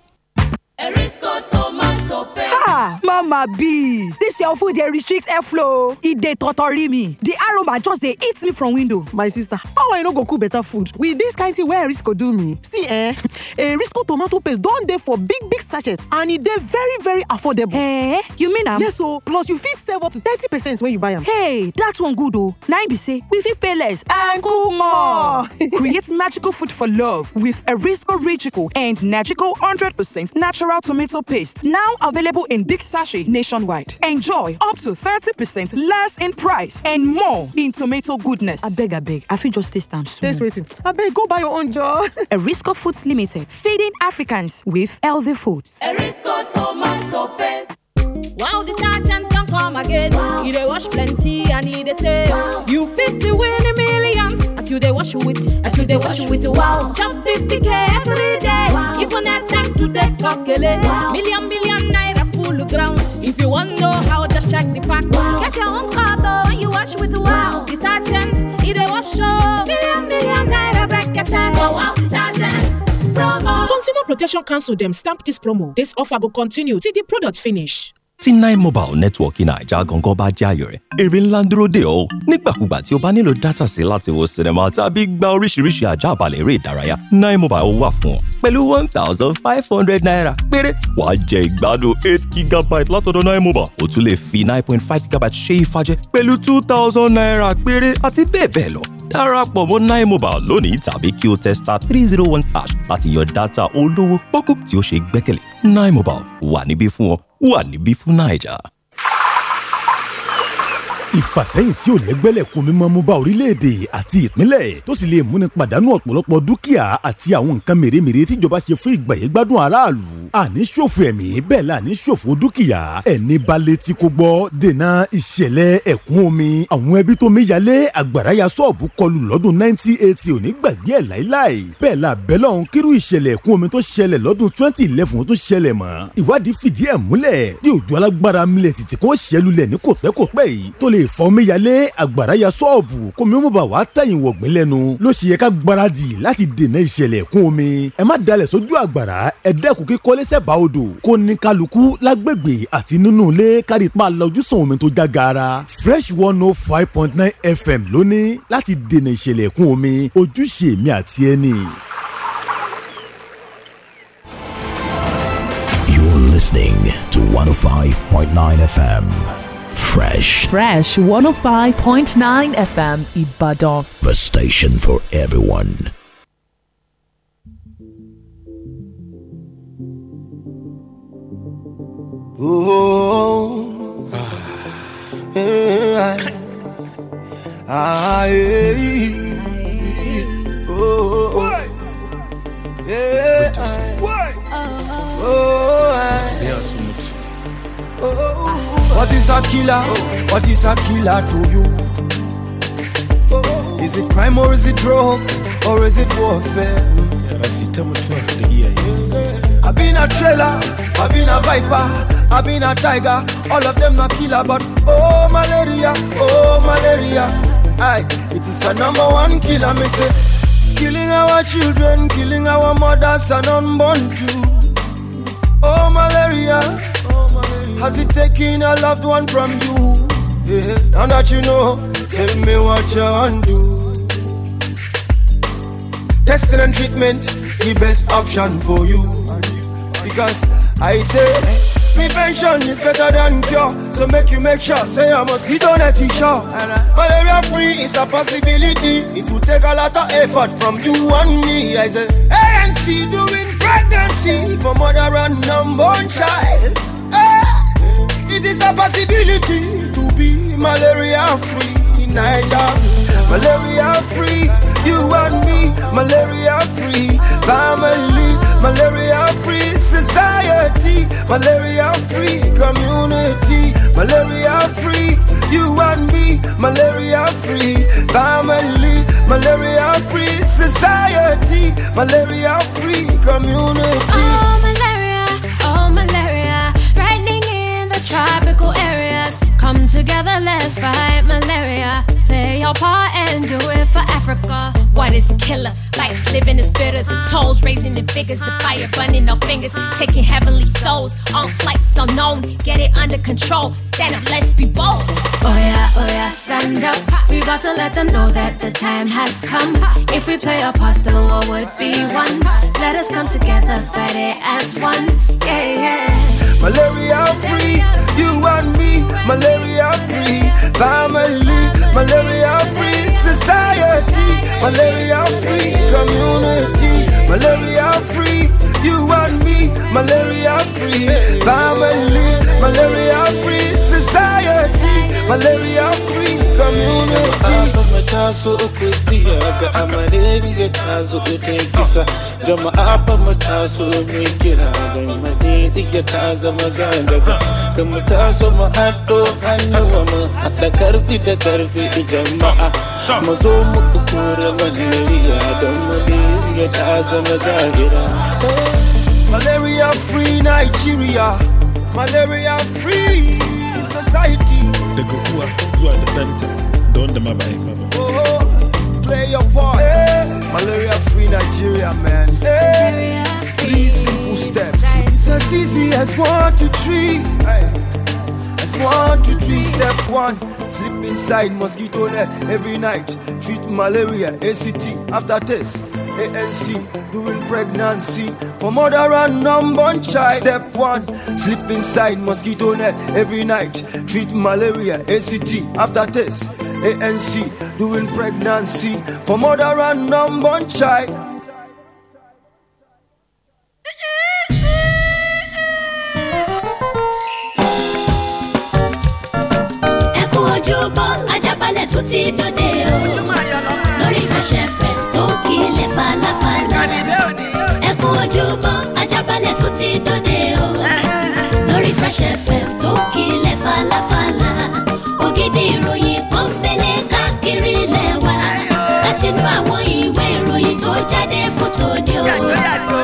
Erisco Thomas. Ha! Mama B, this your food they restrict airflow. It e dey totori me. The aroma just dey eat me from window. My sister, how I no go cook better food? With this kind thing where Erisco do me. See eh, Erisco eh, tomato paste don't dey for big big sachets, and it e dey very very affordable. Eh, you mean I'm? Yes o, plus you fit save up to thirty percent when you buy them. Hey, that's one good o. Now im be say we fit pay less and cook more. (laughs) Create magical food for love with a Erisco Ritual and Nagico 100% natural tomato paste. Now available in big sachet nationwide. Enjoy up to 30% less in price and more in tomato goodness. I beg, I beg. I feel just taste time soon. Taste it. I beg, go buy your own jar. (laughs) Erisco Foods Limited, feeding Africans with healthy foods. Erisco tomato paste. Wow, the detergent can come again. Wow. You they wash plenty and need they say wow. you fit to win a millions. As you they wash with, as, as you they wash, wash with, wow. Jump 50k every day. Wow. Even that time to take a wow. million million cool ground. If you want to know how, just check the pack. Get your own car though when you wash with wow detergent. It wash show. Million million naira bracket eh? for wow detergent. Promo. Consumer Protection Council them stamp this promo. This offer will continue till the product finish tí nine mobile network naija gangan bá jẹ́ ayọ̀ rẹ̀ èrè ńlá ń dúró dè ọ́ nígbàkúgbà tí o bá nílò dátà sí láti wo sinimá tàbí gba oríṣiríṣi àjàbalẹ̀ eré ìdárayá nine mobile wà fún ọ pẹ̀lú one thousand five hundred naira péré wàá jẹ ìgbádùn eight gigabyte látọ̀dọ̀ nine mobile o tún lè fi nine point five gigabyte ṣe ìfàjẹ pẹ̀lú two thousand naira péré àti bẹ́ẹ̀ bẹ́ẹ̀ lọ darapọ̀ mọ́ nine mobile lónìí tàbí kí o tẹ star three zero one hash láti yan dátà olówó pọ́kú tí o ṣe gbẹ́kẹ̀lé nine mobile wà níbí fún ọ one before Niger. ìfàsẹ́yìn tí ò lẹ́gbẹ́lẹ̀ kún mímọ́ mú bá orílẹ̀-èdè àti ìpínlẹ̀ tó sì lè múni pàdánù ọ̀pọ̀lọpọ̀ dúkìá àti àwọn nǹkan mèremère tíjọba ṣe fún ìgbàyẹ̀gbádùn aráàlú àní ṣòfò ẹ̀mí bẹ́ẹ̀ la ní ṣòfò dúkìá ẹni bá létí kó gbọ́ dènà ìṣẹ̀lẹ̀ ẹ̀kún omi àwọn ẹbí tó méyalé àgbàrá ya sọ́ọ̀bù kọlù lọ́dún 1980 ò ní gbàgbé ẹ̀ láíláì bẹ́ẹ̀ la bẹ́lọ̀hún kírú ìṣẹ̀lẹ̀ ẹ̀kún omi tó ṣẹlẹ̀ lọ́dún 2011 tó ṣẹlẹ̀ mọ́ ìwádìí fìdí ẹ̀ múlẹ̀ ní òjò alágbára milẹ̀ tìtì kó ṣẹlulẹ̀ ní kòpẹ́kòpẹ́ yìí tó lè ìfọ́míyalé àgbàrá sọ́ọ̀bù kómi ó wá tẹ̀yìn wọ̀gbìn lẹ́nu ló ṣe yẹ ká gbáradì láti dènà ìṣẹ̀lẹ̀ ẹ̀kún omi ẹ má dalẹ̀ sójú àgbàrá ẹ dẹ́kun kíkọ́lé sẹ́bàá odò kó ní kálukú lágbègbè àti nínú ilé kárí pa lọ́júsàn omi tó já gaara fresh one oh five point nine fm lónìí láti dènà ìṣẹ̀lẹ̀ ẹ̀kún omi ojúṣe mi àti ẹni. You're listening to 105.9 FM. Fresh. Fresh 105.9 FM Ibadan. The station for everyone. Oh, yeah. ah, yeah. oh, yeah. oh, oh, oh, oh, oh, oh, oh, oh, oh, oh, what is a killer? What is a killer to you? Is it crime or is it drugs or is it warfare? I've been a trailer, I've been a viper, I've been a tiger. All of them are killer, but oh malaria, oh malaria. Aye, it is a number one killer, me say. Killing our children, killing our mothers and unborn too. Oh malaria. Oh, has it taken a loved one from you? Yeah. Now that you know, tell me what you undo. Testing and treatment, the best option for you. Because I say, prevention is better than cure. So make you make sure, say a mosquito net is sure. Malaria free is a possibility. It will take a lot of effort from you and me. I say, ANC doing pregnancy for mother and unborn child. It is a possibility to be malaria free Nigeria. Malaria free, you and me, malaria free family, malaria free society, malaria free community, malaria free you and me, malaria free family, malaria free society, malaria free community. tropical areas. Come together, let's fight malaria. Play your part and do it for Africa. What is a killer? Life's living is bitter. The tolls raising the figures. The fire burning our fingers. Taking heavenly souls on flights unknown. Get it under control. Stand up, let's be bold. Oh yeah, oh yeah, stand up. We got to let them know that the time has come. If we play a part, the war would be won. Let us come together, fight it as one. Yeah, yeah malaria free. You and me, malaria free. Family, malaria free. Society, malaria free. Community, malaria free. You and me, malaria free. Family, malaria free malaria free community mu taso uku diyaga amarere tazo uke kisa jama'a fa mu taso mu kira ga malaria ta zama gangaga da mu taso mu haɗo hannuwa mu haɗa karfi da karfi jama'a mu zo mu kura malaria don malaria ta zama zahira malaria free nigeria malaria free society oh, play your part hey. malaria free nigeria man hey. three simple steps it's as easy as one two three hey. as one two three step one sleep inside mosquito net every night treat malaria act after test ANC during pregnancy for mother and unborn child. Step one, sleep inside mosquito net every night. Treat malaria, ACT after test. ANC during pregnancy for mother and unborn child. ojúbọ ajábalẹ̀ tó ti dòde o lórí falafala ẹ kú ajábalẹ̀ tó ti dòde o (laughs) lórí Fresh FM tó kílẹ̀ falafala ògidì ìròyìn kan fẹ́lẹ́ káàkiri lẹ́wà látinú àwọn ìwé ìròyìn tó jáde fótó ni o.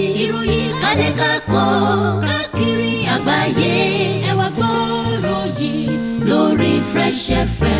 jáde kákó káàkiri àgbáyé ẹ wá yìí lórí Fresh FM.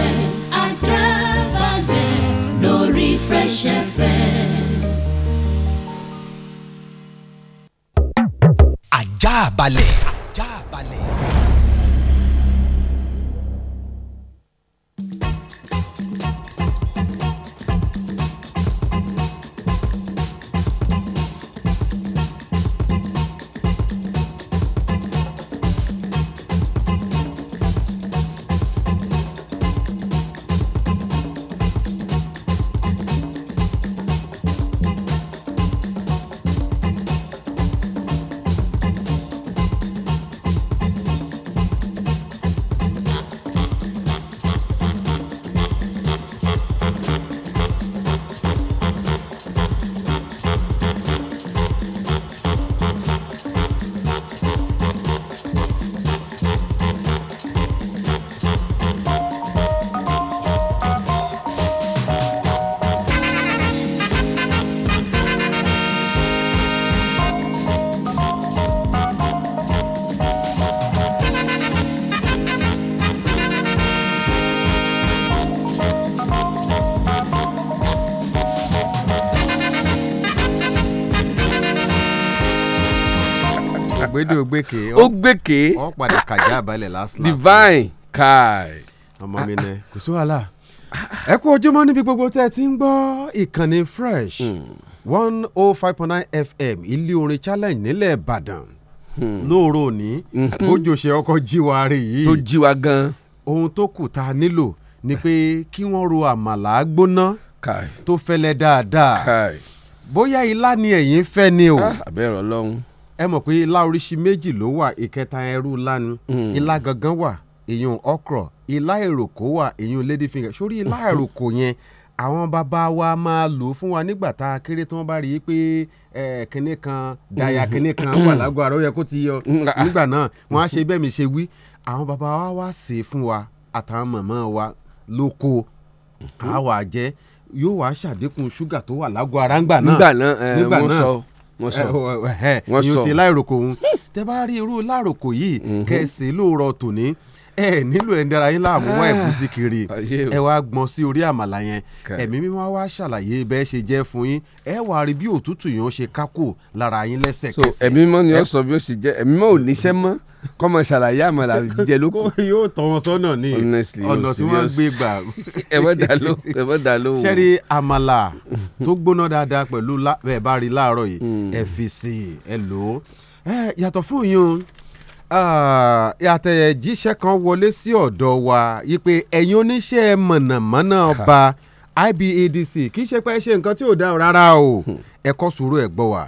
ògbédè ògbékè ó gbékè ó padà kàjá àbálẹ̀ last last divine kai. ọmọ mi nẹ kò sí wàhálà ẹ kú ojúmọ́ níbi gbogbo tẹ́ ẹ ti ń gbọ́ ìkànnì fresh hmm. one oh five point nine fm ilé orin challenge nílẹ̀ ìbàdàn hmm. lóòrò òní hmm. bójú ṣe ọkọ̀ jíwa yìí tó jíwa gan. ohun tó kù tá a nílò ni pé kí wọ́n ro àmàlà gbóná tó fẹ́lẹ́ dáadáa bóyá ilá ni ẹ̀yin fẹ́ ni o. Ah, abẹ́rẹ́ ọlọ́run ẹ mọ̀ pé ilá oríṣi méjì ló wà ìkẹta ẹrú lánìí hmm. ilá gangan wà ìyún okra ilá èròkó wà ìyún ladyfinger sórí ilá hmm. èròkó yẹn àwọn bàbá wa máa lò fún wa nígbà tá a kéré tí wọ́n bá rí i pé kinní kan daya hmm. kinní kan wà lágọ̀ọ́ àrọ́ yẹ kó ti yọ nígbà náà (laughs) wọ́n á ṣe bẹ́ẹ̀ mi ṣe wí àwọn bàbá wa wá sè é fún wa àtàwọn màmá wa lóko àwa jẹ́ yóò wá ṣàdínkù ṣúgà tó wà lágọ̀ọ́ ara náà nígbà náà nígbà náà wọ́n sọ eh, oh, oh, eh, wọ́n sọ ìyóntì láìròkò òun hmm. tẹ bá rí irú láìròkò yìí mm-hmm. kẹsì lóòrọ̀ tòní ẹ nílò ẹ̀ ń dára yín láàmú wá ẹ̀gúsí kiri ah, ẹ wá gbọ́n sí orí àmàlà yẹn ẹ̀mí mímọ́ wá ṣàlàyé bẹ́ẹ̀ ṣe jẹ́ fún yín ẹ wà rí bí òtútù yẹn ṣe kákò lára yín lẹ́sẹ̀kẹsẹ̀. so ẹ̀mí mímọ́ ni ó sọ bí ó ṣe jẹ́ ẹ̀mí mímọ́ ò níṣẹ́ mọ́ kọ́ mọ ṣàlàyé àmàlà jíjẹ ló kù. yóò tọ́ wọn sọ́nà ni ọ̀nà tí wọ́n gbé gbà. (laughs) ẹ bá dà ló ẹ bá dà ló. sẹ́rí àmàlà tó gbóná dáadáa pẹ̀lú ẹ̀ bá rí láàárọ̀ yìí hmm. ẹ fi sí ẹ lò ó yàtọ̀ fún yín o Ah, àtẹ̀jíṣẹ́ kan wọlé sí ọ̀dọ̀ wa yìí pé ẹ̀yin oníṣẹ́ mọ̀nàmọ́ná ọba IBEDC kì í ṣe pé ṣe nǹkan tí ò dáa rárá o ẹ̀kọ́ sùúrù ẹ̀ gbọ́ wa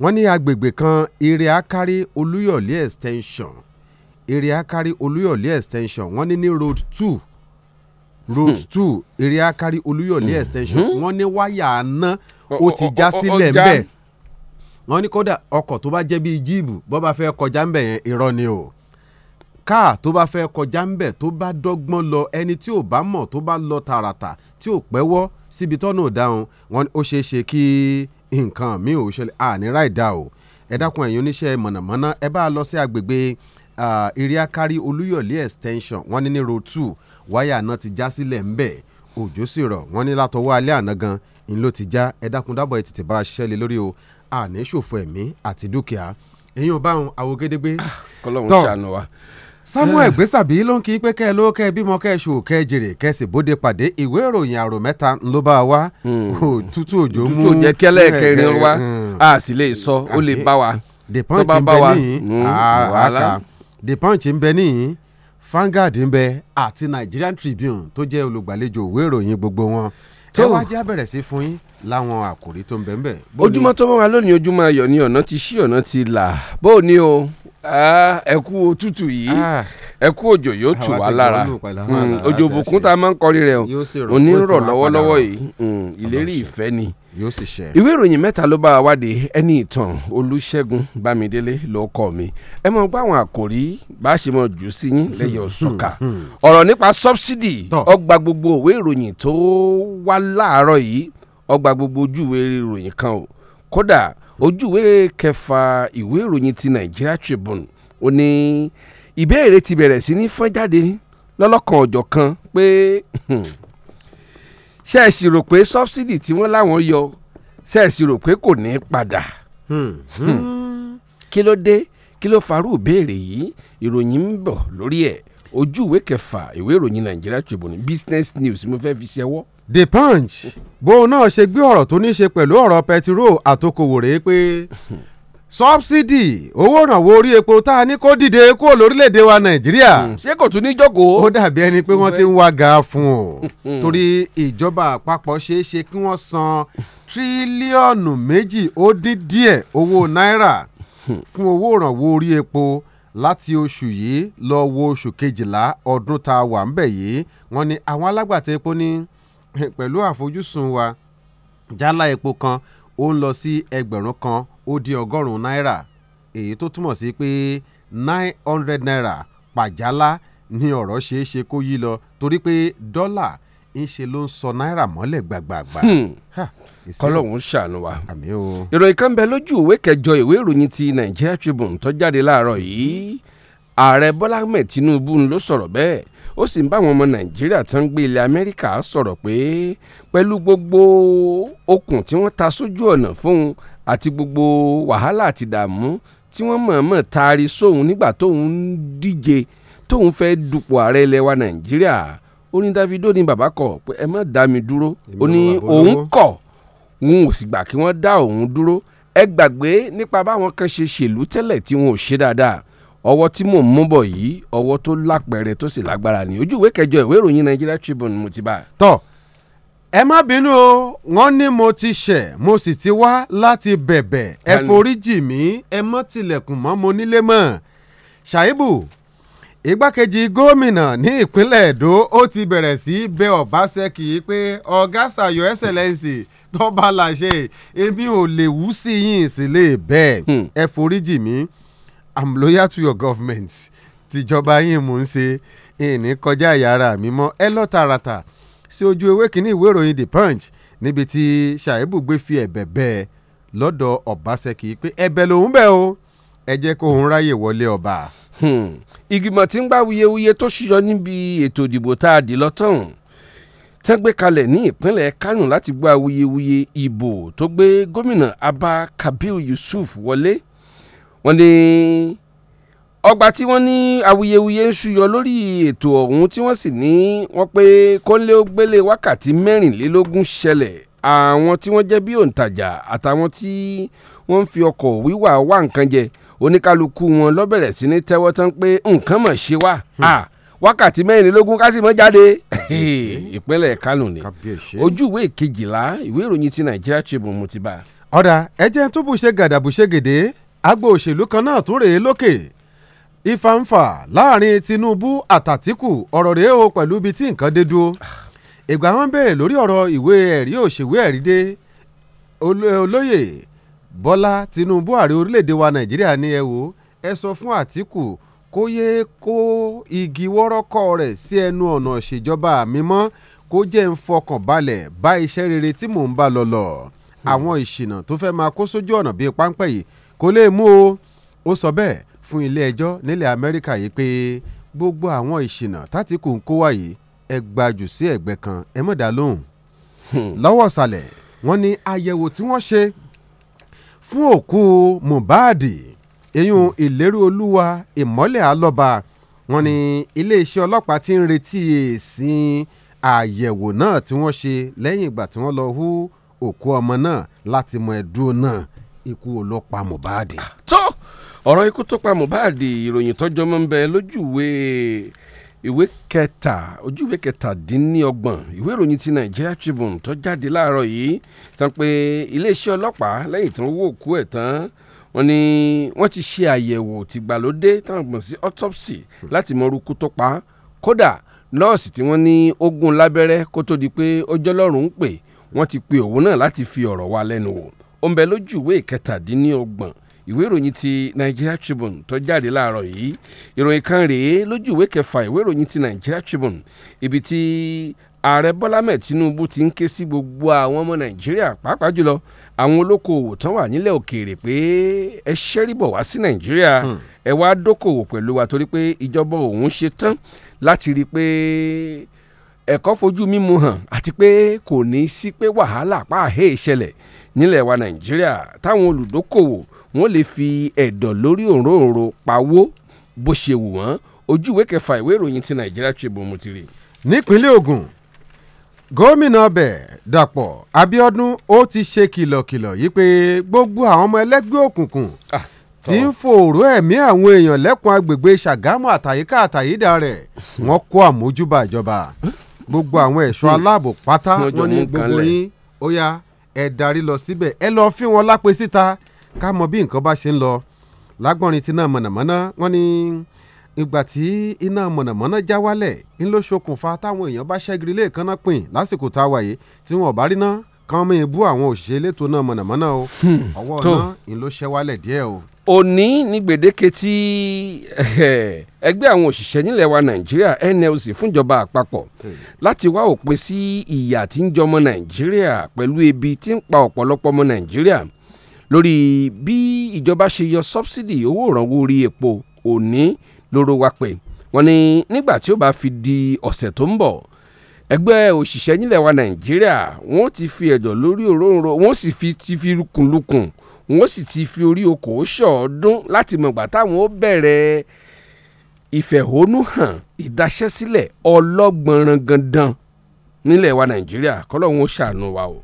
wọ́n ní agbègbè kan eré akari olúyọ̀lé extension eré akari olúyọ̀lé extension wọ́n ní ní road two road hmm. two eré akari olúyọ̀lé hmm. extension hmm. wọ́n ní wáyà àná ó ti já sílẹ̀ ńbẹ̀ wọ́n ní kódà ọkọ̀ tó bá jẹ́ bíi jíìbù bó bá fẹ́ kọjá ń bẹ̀ yẹn irọ́ ni o káà tó bá fẹ́ kọjá ń bẹ̀ tó bá dọ́gbọ́n lọ ẹni tí ò bá mọ̀ tó bá lọ tààràtà tí ò pẹ́wọ́ síbi tọ́nà òdáhùn wọn ó ṣeé ṣe kí nǹkan mi ò ṣẹlẹ̀ àní ráìdá o ẹ dákun ẹ̀yin oníṣẹ́ mọ̀nàmọ́ná ẹ bá a lọ sí agbègbè ìrìákárí olúyọ̀lé extension wọn ní ní road two wáyà náà ti já sílẹ̀ ń bẹ̀ òjò sì rọ̀ wọn ní látọwọ́ alẹ́ àná gan-an ló ti já ẹ dákun dábọ̀ ẹ tètè bá a ṣiṣẹ́ lé lórí o àní ṣòfò ẹ̀mí àti dúkìá èyàn bá wọn àwògedegbe. Ah, kọlọ́run ṣàánú wa. Samuel eh. Gbèsàbí ló ń kí pé kẹ́ ẹ ló kẹ́ ẹ bímọ kẹ́ ẹ ṣò kẹ́ ẹ jèrè kẹ́ ẹ sì bóde pàdé ìwé ìròyìn àrò mẹ́ta ló bá wa hmm. tútù òjò mú tútù òjò kẹ́lẹ́ kẹrin wa a sì lè sọ ó lè bá wa tó bá bá wa hmm, ah, ah, àkà The Punch ń bẹ níyìn Vanguard ń bẹ àti Nigerian Tribune tó jẹ́ olùgbàlejò ìwé ìròyìn gbogbo wọn ẹ wá jẹ́ bẹ̀rẹ̀ sí fún yín láwọn àkòrí tó ń bẹ̀ ń bẹ̀. tó mọ́ wa lónìí ojúmọ́ ayọ̀ ni ọ̀nà ti ṣí ọ̀nà ti là bó o ní o ẹ kú òtútù yìí ah. ẹ kú òjò yóò tù wá lára mm, òjò òbùkún tá a máa ń kọrí rẹ o onírọ̀ lọ́wọ́lọ́wọ́ yìí mm, ìlérí ìfẹ́ ni ìwé ìròyìn mẹ́ta ló bá wa wádìí ẹni ìtàn olúṣẹ́gun bámidélé ló kọ mi ẹ mọ̀ gbọ́ àwọn àkòrí bá a ṣe mọ̀ jù sí yín lẹ́yìn ọ̀ṣọ́ka hmm, hmm, hmm. ọ̀rọ̀ nípa sọ́bsidì ó gbogbo ìwé ìròyìn tó wá láàárọ̀ yìí ọgbà gbogbo ojúwe ìròyìn kan o kódà ojúwe kẹfà ìwé ìròyìn ti Nigeria Tribune ó ní ìbéèrè ti bẹ̀rẹ̀ sí ní fọ́n jáde lọ́lọ́kan ọjọ́ kan pé hmm, ṣe é sì rò pé sọ́bsidì tí wọ́n láwọn yọ ṣe é sì rò pé kò ní í padà hmm, hmm. kí ló dé kí ló farú ìbéèrè yìí ìròyìn ń bọ̀ lórí ẹ̀ ojú kẹfà ìwé ìròyìn Nigeria Tribune Business News mo fẹ́ fi ṣẹ́wọ́ the punch bóun náà ṣe gbé ọ̀rọ̀ tó ní ṣe pẹ̀lú ọ̀rọ̀ pẹtiró àtokòwò rèé pé sọ́bsidì owó ìrànwọ́ orí epo tá a ní kó dìde kúrò lórílẹ̀‐èdè wa nàìjíríà. Hmm, ṣé kò tún ní jókòó. ó dàbí ẹni pé wọ́n ti ń wá ga fún o hmm. torí ìjọba àpapọ̀ ṣeé ṣe kí wọ́n san tírílíọ̀nù méjì ó dín díẹ̀ owó náírà fún owó ìrànwọ́ orí epo láti oṣù yìí lọ wo oṣù kejìlá ọdún tá a wà ń bẹ̀ yìí wọ́n ní àwọn alágbàtà epo ní (laughs) pẹ̀lú àfojúsùn wa jálá epo kan ó ń lọ sí ẹgbẹ̀rún kan ó dín ọgọ́rùn-ún náírà èyí tó túmọ̀ sí pé nine hundred naira pàjálá ni ọ̀rọ̀ ṣeé ṣe kó yí lọ torí pé dọ́là ń ṣe ló ń sọ náírà mọ́lẹ̀ gbàgbàgbà. Hmm. kọ́lọ́hún ṣàánú wa. ìròyìn kan bẹ lójú ìwé kẹjọ ìwé ìròyìn ti Nigeria Tribune tó jáde láàárọ̀ yìí ààrẹ Bọ́lá Ahmed Tinubu ló sọ̀rọ̀ bẹ́ẹ̀ ó sì ń bá àwọn ọmọ nàìjíríà tó ń gbé ilẹ̀ amẹ́ríkà sọ̀rọ̀ pé pẹ̀lú gbogbo okùn tí wọ́n ta sójú ọ̀nà fóun àti gbogbo wàhálà àti dààmú tí wọ́n mọ̀ọ́mọ̀ taari sóun nígbà tóun ń díje tóun fẹ́ dupò ààrẹ ilẹ̀ wa nàìjíríà ó ní Davido ní bàbá kọ̀ pé ẹ má dá mi dúró ó ní òun kọ̀ òun ò sì gbà kí wọ́n dá òun dúró ẹ gbàgbé nípa báwọn kan ṣe ṣèlú tẹ́lẹ̀ tí wọn ò ṣe dáadáa ọwọ́ tí mò ń mú bọ̀ yìí ọwọ́ tó lápẹẹrẹ tó sì lágbára ni ojú ìwé kẹjọ ìwé ìròyìn Nigeria Tribune mo ti bá a. tọ́ ẹ má bínú o wọ́n ní mo ti ṣẹ̀ mo sì ti wá láti bẹ̀bẹ̀ ẹ foríjì mí ẹ mọ́ tilẹ̀kùn mọ́ mo nílé mọ́ Ṣàìbù igbákejì gómìnà ní ìpínlẹ̀ Èdó ó ti bẹ̀rẹ̀ sí bẹ Ọbaṣẹ́kì pé ọ̀gá Ṣàyọ̀ Excellency tó bá láṣẹ èmi ò lè wú sí yín sí bẹ́ẹ̀ hmm. ẹ foríjì mí i'm loyal to your government tìjọba yín mò ń ṣe ìní kọjá ẹ̀yà ara mi mọ́ ẹ lọ tààràtà sí ojú ewé kínní ìwé ìròyìn the punch níbi tí ṣàìbù gbé fi ẹ̀bẹ̀ bẹ́ẹ̀ lọ́dọ̀ ọ̀básẹ́kì pé ẹ̀bẹ̀ lòun bẹ́ẹ̀ o ẹ jẹ́ kó òun ráyè wọlé ọba. Hmm. ìgbìmọ̀ tí ń gbá wuyewuye tó ṣíyọ níbi ètò ìdìbò tá a dì lọ́tàn tán gbé kalẹ̀ ní ìpínlẹ̀ Kánò láti gbọ́ awuyewuye ìbò tó gbé gómìnà Abba Kabir Yusuf wọlé wọ́n ní ọgbà tí wọ́n ní awuyewuye ń ṣúyọ lórí ètò ọ̀hún tí wọ́n sì ní wọ́n pé kọ́nlé ó gbélé wákàtí mẹ́rìnlélógún ṣẹlẹ̀ àwọn tí wọ́n jẹ́ bí òǹtajà àtàwọn tí wọ́n ń fi ọkọ̀ wíwà wá nǹkan jẹ oníkálukú wọn lọ́bẹ̀rẹ̀ sí ní tẹ́wọ́ tán pé nǹkan mọ̀ ṣe wá hmm. wákàtí mẹ́rìnlélógún kásìmọ́ jáde (laughs) ìpínlẹ̀ Kánò ni ojú ìwé kejìlá ìwé ìròyìn ti Nàìjíríà Tribune mo ọ̀dà ẹ̀jẹ̀ tó bù ṣe gàdàbù ṣe gèdè agbo òṣèlú kan náà tún rèé lókè ìfàǹfà láàrin Tinubu àtàtìkù ọ̀rọ̀ rèé o pẹ̀lú ibi tí nǹkan dé dúró ìgbà wọn bẹ̀rẹ̀ lórí ọ̀rọ̀ ìwé ẹ̀rí òṣèwé ẹ̀rí dé olóyè Bọ́lá Tinubu ààrẹ orílẹ̀‐èdè wa Nàìjíríà ní ẹ wò ẹ sọ fún Àtìkù kó yéé kó igi wọ́rọ́kọ́ rẹ̀ sí ẹnu ọ̀nà ìṣèjọba mi mọ́ kó jẹ́ ń fọkàn balẹ̀ bá iṣẹ́ rere tí mò ń bá lọ lọ àwọn ìṣìnà tó fẹ́ máa kó sójú ọ̀nà bíi páńpẹ́ yìí kò lè mú o ó sọ bẹ́ẹ̀ fún ilé-ẹjọ́ nílẹ̀ amẹ́ríkà yìí pé gbogbo àwọn ìṣìnà tátìkù ń kó wáyé ẹ gbajù sí ẹ̀gbẹ́ kan ẹ mọ̀ dá lóhùn. Hmm. lọ́wọ́ ìsàlẹ̀ wọ́n ní àyẹ̀wò tí wọ́n ṣe fún òkú Mohbad eyín ìlérí olúwa ìmọ́lẹ̀ alọ́ba wọ́n ní iléeṣẹ́ ọlọ́pàá ti ń retí èsì àyẹ̀wò náà tí wọ́n ṣe lẹ́yìn ìgbà tí wọ́n lọ hú òkú ọmọ náà láti mọ ẹ̀dùn náà ikú ọlọ́pàá Mohbad. Ah, tó ọ̀rọ̀ ikú tó pa Mohbad ìròyìn tọ́jọ́ mọ́ ń bẹ lójúwe ìwé kẹta ojúwe kẹtàdínníọgbọ̀n ìwé ìròyìn ti Nigeria Tribune tó jáde láàárọ̀ yìí tán pé iléeṣẹ́ ọlọ́pàá lẹ́yìn tán wó òkú ẹ̀ tán wọ́n ní wọ́n ti ṣe àyẹ̀wò tìgbàlódé táwọn gbọ̀n sí autopsy láti mọ orúkú tó pa kódà nọ́ọ̀sì tí wọ́n ní ogun lábẹ́rẹ́ kó tó di pé ọjọ́ lọ́rùn ń pè wọ́n ti pe òun náà láti fi ọ̀rọ̀ wa lẹ́nu wò ó ń bẹ lójú ìwé ìkẹtàdínlọ́gbọ̀n ìwé ìròyìn ti Nigeria Tribune tó jáde láàárọ̀ yìí ìròyìn kan rèé lójú ìwé kẹfà ìwé ìròyìn ti Nigeria Tribune ibi tí ààrẹ Bọ́lá mẹ́ẹ̀ Tinubu ti ń ké sí gbogbo àwọn ọmọ Nàìjíríà pàápàá jùlọ àwọn olókoòwò tán wà nílẹ̀ òkèèrè pé ẹ ṣẹ́rí bọ̀ wá sí Nàìjíríà hmm. ẹ wá dókòwò pẹ̀lú wa torí pé ìjọba òun ṣe tán láti rí i pé ẹ̀kọ́ fojú mímu hàn àti pé kò ní í sí pé wàhálà pàáhé ìṣẹ̀lẹ̀ nílẹ̀ wa nàìjíríà táwọn olùdókòwò wọn lè fi ẹ̀dọ̀ lórí òróǹro pawó bó ṣe wù wọ́n ojú ìwé kẹfà ìwé ìròyìn ti nàìjíríà Tribune mo ti rí. nípínlẹ̀ Ògùn gómìnà ọbẹ̀ dàpọ̀ Abíọ́dún ó ti ṣe kìlọ̀kìlọ̀ yìí pé gbogbo àwọn ọmọ ẹlẹ́gbẹ́ òkùnkùn ah, tí ń fòòró ẹ̀mí àwọn èèyàn lẹ́kùn agbègbè Ṣàgámù àtàyíká àtàyídà rẹ̀ hmm. wọ́n kó àmójúbà ìjọba hmm. gbogbo àwọn ẹ̀ṣọ́ hmm. aláàbò pátá wọn ní gbogbo yín ó yá ẹ darí lọ síbẹ̀ ẹ lọ́ọ́ fi wọn lápè síta ká mọ bí nǹkan bá ṣe ń lọ lágbọ́nrin tí iná mọ̀nàmọ́ná wọ́n ní ìgbà tí iná mọ̀nàmọ́ná já wálẹ̀ ń ló ṣokùnfà táwọn èèyàn bá ṣẹ́giri lé èkánná pin lásìkò tá a wà yìí tí wọn ò bá rí náà kàn mí bú àwọn òṣìṣẹ́ elétò náà mọ̀nàmọ́ná o hmm. ọwọ́ náà ń ló ṣẹ́ wálẹ̀ díẹ̀ o òní ní gbèdéke tí (laughs) ẹgbẹ́ àwọn òṣìṣẹ́ nílẹ̀ wa nàìjíríà NLC fúnjọba àpapọ̀ hmm. láti wá òpin sí ìyà tí ń jọmọ nàìjíríà pẹ̀lú ebi tí ń pa ọ̀pọ̀lọpọ̀ ọmọ nàìjíríà lórí bí ìjọba ṣe yọ sọ́bsidì owó ìrànwọ́ orí epo òní lóró wa pé wọ́n ní nígbà tí ó bá fi di ọ̀sẹ̀ tó ń bọ̀ ẹgbẹ́ òṣìṣẹ́ nílẹ̀ wa nàìjíríà wọ́n ti fi ẹ̀dọ̀ lórí òróǹro wọ́n sì fi ti fi lukùnlukùn wọ́n sì ti fi orí okòó ṣọ̀ọ́dún láti mọ̀gbà táwọn ó bẹ̀rẹ̀ ìfẹ̀hónúhàn ìdaṣẹ́sílẹ̀ ọlọ́gbọ̀nràn gandan nílẹ̀ wa nàìjíríà kọ́lọ́hún ó ṣàánú wa o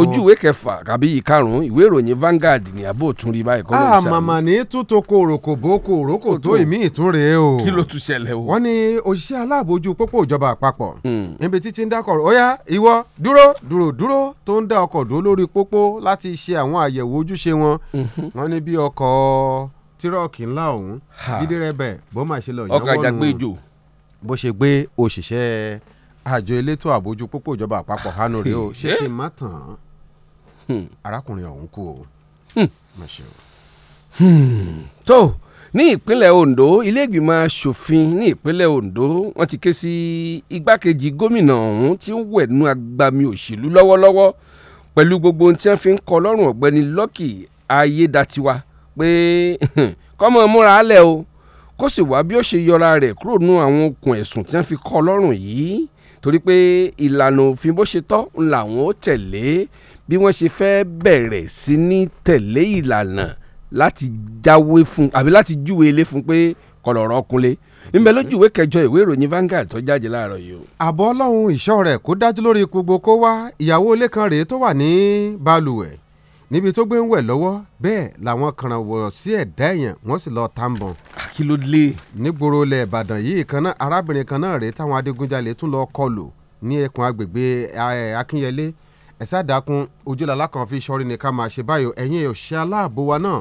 ojú ìwé kẹfà tàbí ìkarùn-ún ìwé ìròyìn Vanguard ní àbò òtún rí báyìí kọ́lọ́hún ah, ṣàánú. àmàmà ní tútò kòròkò bókò òrókò tó ìmí ìtún rèé o kí ló tún ṣẹlẹ̀ o. wọ́n ní òṣìṣẹ́ aláàbòjú pópó ìjọba àpapọ̀ hmm. níbi títí ń dákọ̀ ó yá ìwọ dúró dúró dúró tó ń dá ọkọ̀ dúró lórí pópó láti ṣe àwọn àyẹ̀wò ojúṣe mhm. bó ṣe gbé òṣìṣẹ́ àjọ elétò àbójú pópó ìjọba àpapọ̀ hánú ah, rèé o ṣé eh. kí n má tàn án hmm. arákùnrin ọ̀hún kú o. Hmm. Hmm. tó ní ìpínlẹ̀ Ondo ilé ìgbìmọ̀ asòfin ní ìpínlẹ̀ Ondo wọ́n ti ké sí igbákejì gómìnà ọ̀hún tí ń wẹ̀nu agbami òṣèlú lọ́wọ́lọ́wọ́ pẹ̀lú gbogbo ohun tí wọ́n fi ń kọ lọ́rùn ọ̀gbẹ́ni Lucky Ayédatiwa pé kọ́mọ múra lẹ̀ o kó sì wá bí ó ṣe yọra rẹ̀ kúrò nú àwọn okùn ẹ̀sùn tí wọ́n fi kọ́ lọ́rùn yìí torí pé ìlànà òfin bó ṣe tọ́ ń làwọn ó tẹ̀lé bí wọ́n ṣe fẹ́ bẹ̀rẹ̀ sí ní tẹ̀lé ìlànà láti jáwé fún àbí láti júwe ilé fún pé kọlọ̀rọ̀ ọkùnlé ńbẹ lójú ìwé kẹjọ ìwé ìròyìn Vanguard tó jáde láàárọ̀ yìí o. àbọ̀ ọlọ́run ìṣọ́ rẹ̀ kó dájú lórí gbogbo kó wá ìyàwó ilé kan rèé tó wà ní balùwẹ̀ níbi tó gbé ń wẹ̀ lọ́wọ́ bẹ́ẹ̀ làwọn kàràn wọ̀rọ̀ sí ẹ̀dá èèyàn wọ́n sì lọ́ọ́ tá ń bọ̀. kí ló lé. nígboro ilẹ̀ ìbàdàn yìí kan náà arábìnrin kan náà rèé táwọn adigunjalè tún lọ́ọ́ kọlù ní ẹkùn agbègbè akínyẹlé ẹ̀sà dákun ojúlàlá kan fi sọrí ni ká máa ṣe báyò ẹ̀yin òṣìṣẹ́ aláàbò wa náà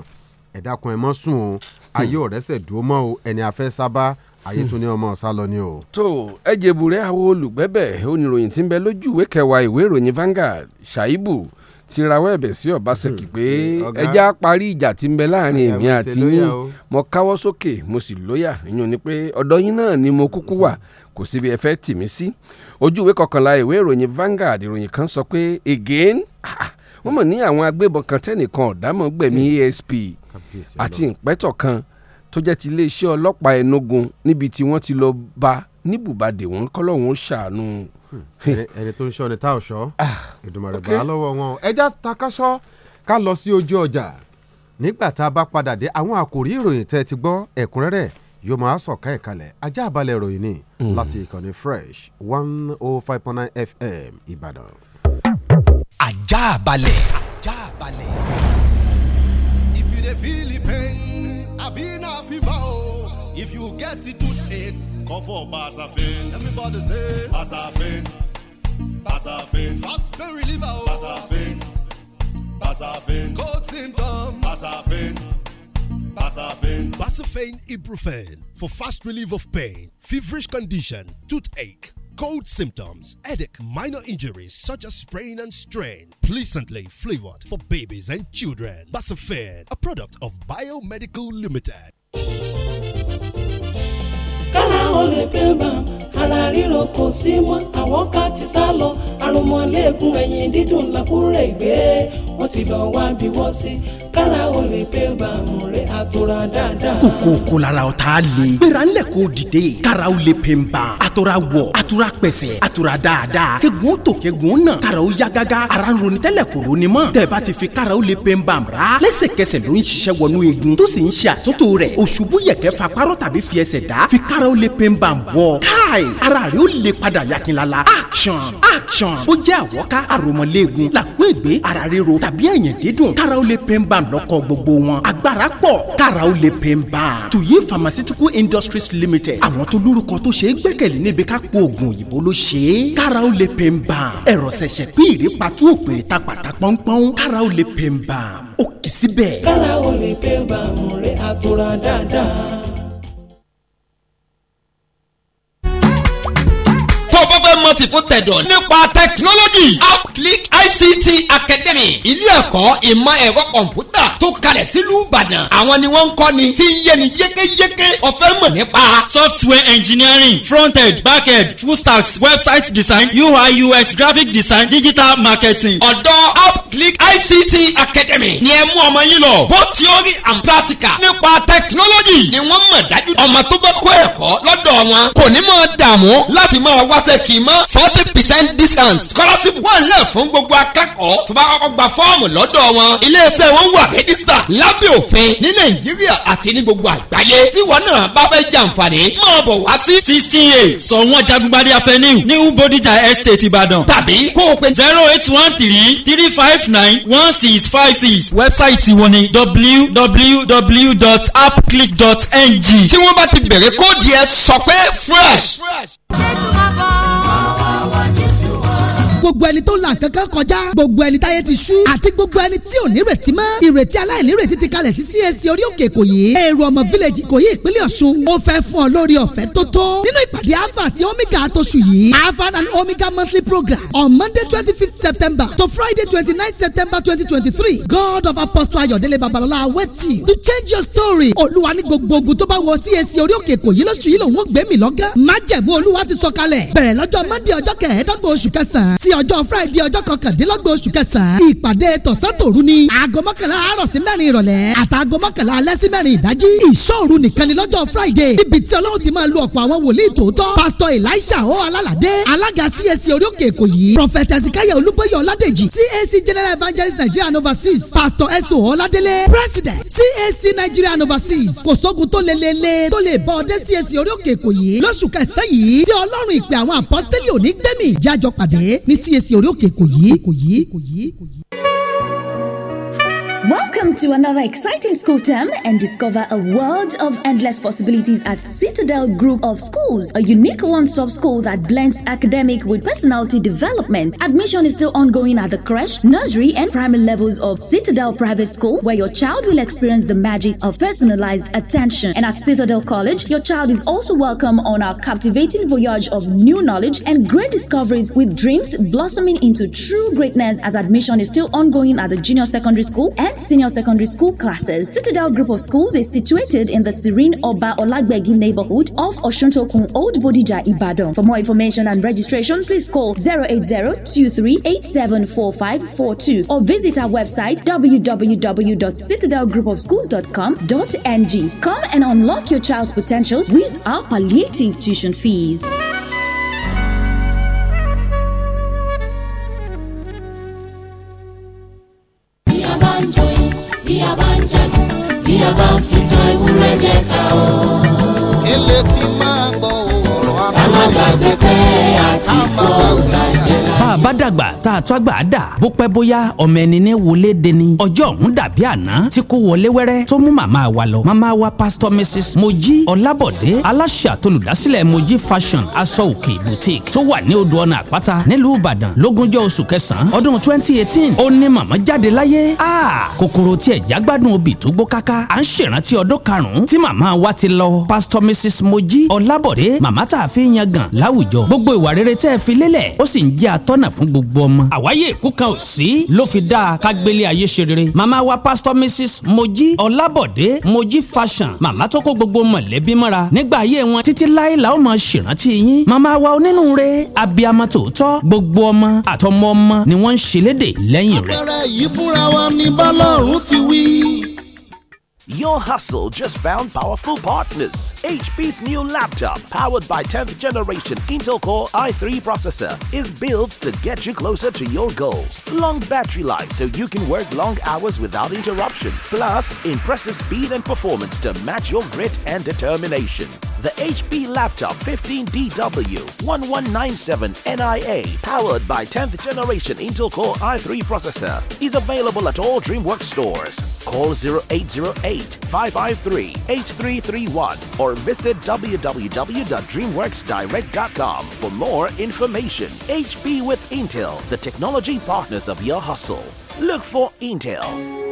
ẹ̀dákun ẹ̀ mọ́ sùn o ayé ọ̀rẹ́sẹ̀ dúró mọ́ o ẹni afẹ́ sábà ayé tó ní ọmọ ọ̀sá lọ ni o. tó ẹjẹ búrẹ́ àwọn olùgbẹ́bẹ̀ oníròyìn tí ń bẹ lójú ìwé kẹwàá ìwé ìròyìn Vanguard Shaibu ti rawọ́ ẹ̀bẹ̀ sí Ọbaṣẹ́kì hmm, pé hmm, ẹ já parí ìjà tí ń bẹ láàrin èmi àti yín mo káwọ́ sókè mo sì lóyà ìyẹn ni pé ọ̀dọ̀ yín náà ni mo kúkú wà kò síbi ẹ fẹ́ tì mí sí ojú ìwé kọkànlá ìwé ìròyìn Vanguard ìròyìn kan sọ pé again ah, wọ́n mọ̀ ní àwọn agbébọn kan tẹ́nìkan ọ̀dámọ̀ gbẹ̀mí hmm. ASP àti ìpẹ́tọ̀ kan tó jẹ́ ti iléeṣẹ́ ọlọ́pàá Enugu níbi tí wọ́n ti lọ bá níbùbàdì wọn kọ́lọ́hún ó ṣàánú. Hmm. ẹni tó ń ṣọ́ ni tá ò ṣọ́ ah, Èdùmàrè gbà á lọ́wọ́ wọn ẹja takasọ ká lọ sí ojú ọjà nígbà tá a bá padà dé àwọn àkòrí ìròyìn tẹ́ ti gbọ́ ẹ̀kúnrẹ́rẹ́ yóò máa sọ̀ka ẹ̀ ajá àbálẹ̀ ìròyìn ni hmm. láti ìkànnì fresh one oh five point nine fm ìbàdàn. ajá àbálẹ̀. ajá àbálẹ̀. if you dey feel the pain abi na fever o if you get it too. Come for Basafin. Everybody say Basafin. Basafin. Fast pay reliever. Oh. Basafin. Basafin. Cold symptom. Basafin. Basafin. Basafin ibuprofen for fast relief of pain, feverish condition, toothache cold symptoms, headache, minor injuries such as sprain and strain, pleasantly flavored for babies and children. Basafed, a product of Biomedical Limited. ó lè pé mà ara ríro kò sí mọ́ àwọn ká ti sá lọ àrùnmọ́lẹ́gùn ẹ̀yìn dídùn làkúrẹ́ ìgbé wọ́n ti lọ wá bí wọ́n sí kára o lè pé bàmù rẹ̀ àtòrà dáadáa. kòkó kò lára ọ̀tá le gbéra ńlẹ̀ kò dìde kára o lè pè ń bá àtòrà wọ̀ àtòrà pẹ̀sẹ̀ àtòrà dáadáa kẹ́gun ó tò kẹ́gun ó nà kára o yá gágá ara ń ronú tẹ́lẹ̀ kò ronú mọ́ tẹ̀bá ti fi kára o lè pè ń bá ra lẹ́sẹ̀kẹsẹ̀ ló ń ṣiṣẹ́ wọnú igun tó sì ń ṣe àtúntò rẹ̀ òṣùbù yẹ̀kẹ́ fa párọ̀ tàbí fi ẹsẹ̀ dá fi kára o lè pè ń bá wọ̀ káì ara rẹ̀ ó lè padà yakinlala action action ó jẹ́ àwọ̀ká àròmọ̀lẹ́gun làkú ègbé ara tàbí ẹ̀yìn dídùn kára ó lè pain balm lọ́kọ̀ gbogbo wọn agbára pọ̀ kára ó lè pain tuyi pharmaceutical industries limited àwọn tó lórúkọ tó ṣe é gbẹ́kẹ̀lé níbi ká po oògùn òyìnbó ló ṣe é kára ó lè pain balm ẹ̀rọ ṣẹ̀ṣẹ̀ pín ìrèpàtú òpèrè ta pàtà pọ́npọ́n kára ó lè pain ó kì í síbẹ̀. kára ó lè pain balm rẹ̀ àtòrà sọ́ọ̀tì fún tẹ̀dọ̀ nípa tẹkinọ́lọ́jì Upclick ICT Academy ilé ẹ̀kọ́ ìmọ̀ ẹ̀rọ kọ̀m̀pútà tó kalẹ̀ sílùú Ìbàdàn àwọn ni wọ́n ń kọ́ ni tí ń yé ni yékéyéké ọ̀fẹ́ mọ̀ nípa. software engineering frontend backend full stacks website design UI UX graphic design digital marketing. ọ̀dọ́ Upclick ICT Academy ni ẹ mú ọmọ yín lọ bó theory and practical nípa tẹkinọ́lọ́jì ni wọ́n mọ̀ dájú ọmọ tó bá kọ́ ẹ̀kọ́ lọ́dọ̀ wọn kò ní máa dààmú láti máa wáṣẹ́ kì í mọ́ forty percent discount scholarship wà lẹ̀ fún gbogbo akẹ́kọ̀ọ́ tó bá kọ́kọ́ gba fọ́ọ̀mù lọ́dọ̀ wọn. iléeṣẹ́ wọn wà rẹ́dísà lábẹ́ òfin ní nàìjíríà àti ní gbogbo àgbáyé. tí wọn náà bá fẹ́ jàǹfààní máa bọ̀ wá sí. sixteen eight sọ̀wọ́n jagunbari avenue ní ubodija estate ìbàdàn. tàbí kó o pe zero eight one three three five nine one six five six. wẹ́bsáìtì wọn ni www.appclick.ng. tí wọ́n bá ti bẹ̀rẹ̀ kóòdù yẹn sọ pé fresh. fresh. fresh gbogbo ẹni tó la nǹkan kọjá gbogbo ẹni táyé ti sú àti gbogbo ẹni tí ò nírètí mọ́ ìrètí aláìnírètí ti kalẹ̀ sí CAC orí òkè Ìkòyí èrò ọmọ village Ìkòyí ìpínlẹ̀ Ọ̀ṣun ó fẹ́ fún ọ lórí ọ̀fẹ́ tó tó nínú ìpàdé alpha àti omega àtọ̀sù yìí alpha and omega monthly program on Monday twenty fifth September to Friday twenty ninth September twenty twenty three God of Apostle Ayọ̀délé Babalọ́lá awẹ́tì to change your story olúwa ní gbogbo ogun tó bá wọ CAC orí òkè Ìkòyí lóṣù yìí lòun ó gbé mi lọ́gán májẹ̀mú olúwa ti sọ kalẹ̀ bẹ̀rẹ̀ lọ́jọ́ Monday ọjọ́ kẹẹ̀ẹ́dọ́gbọ̀n oṣù kẹsàn-án sí ọjọ́ friday ọjọ́ kọkàndínlọ́gbọ̀n oṣù kẹsàn-án ìpàdé tọ̀sán-tòru ni aago mọ́kànlá àárọ̀ sí mẹ́rin ìrọ̀lẹ́ àtàgọ́ mọ́kànlá alẹ́ sí mẹ́rin ìdájí ìṣòru nìkan ni lọ́jọ́ friday níbi tí ọlọ́run ti máa lu ọ̀pọ̀ àwọn wòlíì tòótọ́ pásítọ̀ elisha o alálàdé alága cac orí òkè èkó yìí prọfẹtà sikaya ọládèjì cac general evangelist nigeria and overseas pásítọ̀ eso ọládélé president cac nigeria and overseas kò sógun tó lelele tó lè bọ́ cac orí òkè èkó yìí lóṣù kẹsàn-án yìí tí ọlọ́run ìpè àwọn àpọ́stẹ́lì òní gbẹ̀mí cac orí òkè kò yí. Welcome to another exciting school term and discover a world of endless possibilities at Citadel Group of Schools, a unique one stop school that blends academic with personality development. Admission is still ongoing at the creche, nursery, and primary levels of Citadel Private School, where your child will experience the magic of personalized attention. And at Citadel College, your child is also welcome on our captivating voyage of new knowledge and great discoveries with dreams blossoming into true greatness as admission is still ongoing at the junior secondary school and senior secondary school classes. Citadel Group of Schools is situated in the serene Oba Olagbegi neighborhood of Oshuntokun, Old Bodija, Ibadan. For more information and registration, please call 80 or visit our website www.citadelgroupofschools.com.ng. Come and unlock your child's potentials with our palliative tuition fees. bí a bá ń jàjù bí a bá ń fìtàn ewúrẹ́ jẹ ká o. kílẹ̀ tí máa gbọ́ ọ̀rọ̀ àtàwọn. ká má gbàgbé pé àti gbọ́ ọ̀gbà yẹn a bá dàgbà tá a tó àgbà dà bó pẹ́ bóyá ọmọ ẹni ní wọlé deni ọjọ́ ọ̀hún dàbí àná tí kò wọlé wẹ́rẹ́ tó mú màmá wa lọ màmá wa pastor mrs mojí ọlábọ̀dé aláṣẹ àtolùdásílẹ̀ mojí fashion aṣọ òkè boutique tó wà ní odò ọ̀nà àpáta nílùú ìbàdàn lógúnjọ́ oṣù kẹsàn-án ọdún twenty eighteen ó ní màmá jáde láyé kòkòrò tiẹ̀ jágbádùn obì tó gbó káká à ń ṣèrántí ọdún karùn-ún tí màmá wa ti lọ pastor mrs mojí ọlábọ̀dé màmá tá a fi yan gàn láwùjọ gbogbo ìwà rere tẹ́ ẹ fi lélẹ̀ ó sì ń jẹ́ atọ́n lọ́nà fún gbogbo ọmọ. àwáyé ìkúkan ò sí ló fi dáa ká gbélé ayé ṣe rere. màmá wa pastor mrs mojí ọlábọ̀dé mojí fashion màmá tó kó gbogbo mọ̀lẹ́bí mọ́ra nígbà ayé wọn títí láé la ó ṣèrántí yín. màmá wa onínúure abiyamọ tòótọ́ gbogbo ọmọ àtọmọ ọmọ ni wọ́n ń ṣèlédè lẹ́yìn rẹ̀. àpẹẹrẹ yìí fúnra wa ni bọ́lọ́run ti wí Your hustle just found powerful partners. HP's new laptop, powered by 10th generation Intel Core i3 processor, is built to get you closer to your goals. Long battery life so you can work long hours without interruption. Plus, impressive speed and performance to match your grit and determination the HP Laptop 15DW1197NIA, powered by 10th generation Intel Core i3 processor, is available at all DreamWorks stores. Call 0808-553-8331 or visit www.dreamworksdirect.com for more information. HP with Intel, the technology partners of your hustle. Look for Intel.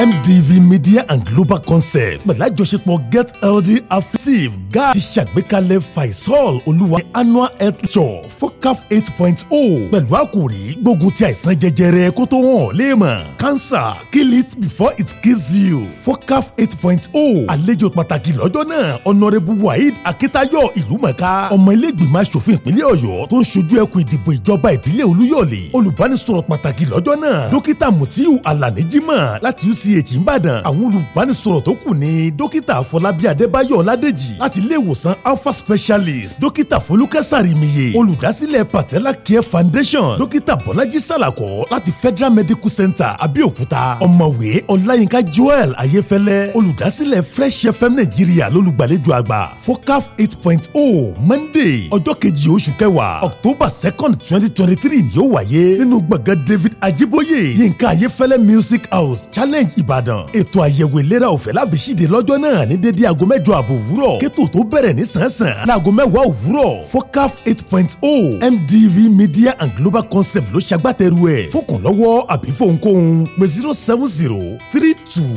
MDV Media and Global Concept pẹ̀lú àjọṣepọ̀ Get Healthy Affective GAD ti ṣàgbékalẹ̀ Faisal Olúwa annual health lecture FOCAF eight point o oh. pẹ̀lú àkòrí gbógun ti àìsàn jẹjẹrẹ kó tó hàn léèmọ̀ cancer kill it before it kills you FOCAF eight point o oh, àlejò pàtàkì lọ́jọ́ náà Honourable Waheed Akitayo Ìlúmọ̀ká ọmọ ilé ìgbìmọ̀ asòfin ìpínlẹ̀ Ọ̀yọ́ tó ń ṣojú ẹkùn ìdìbò ìjọba ìbílẹ̀ Olúyọ̀lé olùbánisọ̀rọ̀ pàtàkì lọ́jọ́ náà dókítà Mutiu Alani Jimoh láti UC UCH Ìbàdàn àwọn olùbánisọ̀rọ̀ tó kù ní dókítà Fọlábí Adébáyọ̀ Ọládèjì láti ilé ìwòsàn Alpha Specialist dókítà Folúkẹ́ Sàrìmìyè olùdásílẹ̀ Patella Care Foundation dókítà Bọ́lájí Sàlàkọ́ láti Federal Medical Center Abẹ́òkúta ọ̀mọ̀wé Ọláyínká Joel Ayéfẹ́lẹ́ olùdásílẹ̀ Fresh FM Nàìjíríà lólùgbàlejò àgbà FOCAF eight point oh Monday ọjọ́ kejì oṣù kẹwàá October second twenty twenty three ni ó wáyé nínú gbọ̀ngàn David Ajiboye yinka Ayéfẹ́lẹ́ Music House Challenge Ìbàdàn ètò àyẹ̀wò ìlera ọ̀fẹ́ láfiṣíde lọ́jọ́ náà ní dédé aago mẹ́jọ àbọ̀ òwúrọ̀ kẹ́tò tó bẹ̀rẹ̀ ní sàn-sàn láago mẹ́wàá òwúrọ̀ focaf eight point o oh, MDV media and global concept ló ṣagbátẹrù ẹ̀ fọkànlọ́wọ́ àbí fóònkóhun pé zero seven zero three two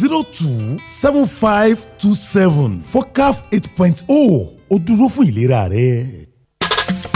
zero two seven five two seven focaf eight point o oh, ó dúró fún ìlera rẹ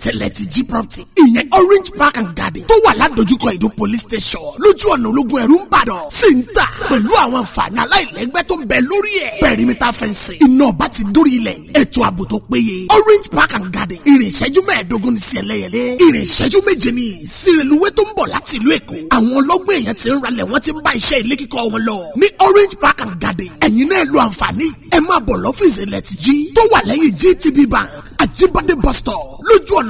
tẹ̀lẹ̀ ti jí property ìyẹn orange park and garden tó wà ládojúkọ ìdó police station lójú ọ̀nà ológun ẹ̀rú ń bàdàn sí ń tà pẹ̀lú àwọn àǹfààní aláìlẹ́gbẹ́ tó ń bẹ lórí ẹ̀ pẹ̀rímítà fẹ́ǹsì iná ọba ti dórí ilẹ̀ ètò ààbò tó péye orange park and garden ìrìn ìṣẹ́jú mẹ́ẹ̀ẹ́dógún ní sí ẹlẹ́yẹlé ìrìn ìṣẹ́jú méje ní sírèlúwé tó ń bọ̀ láti ìlú èkó àwọn ọlọ́gbọ́n èèyàn ti ń ralẹ̀ wọ́n ti ń bá iṣẹ́ ilé kíkọ́ wọn lọ ní orange park and garden ẹ̀yin náà lo àǹfààní ẹ máa bọ̀ lọ́fíìsì lẹ́tìjí tó wà lẹ́yìn gtb bank àjíbádé bus stop lójú ọ̀nà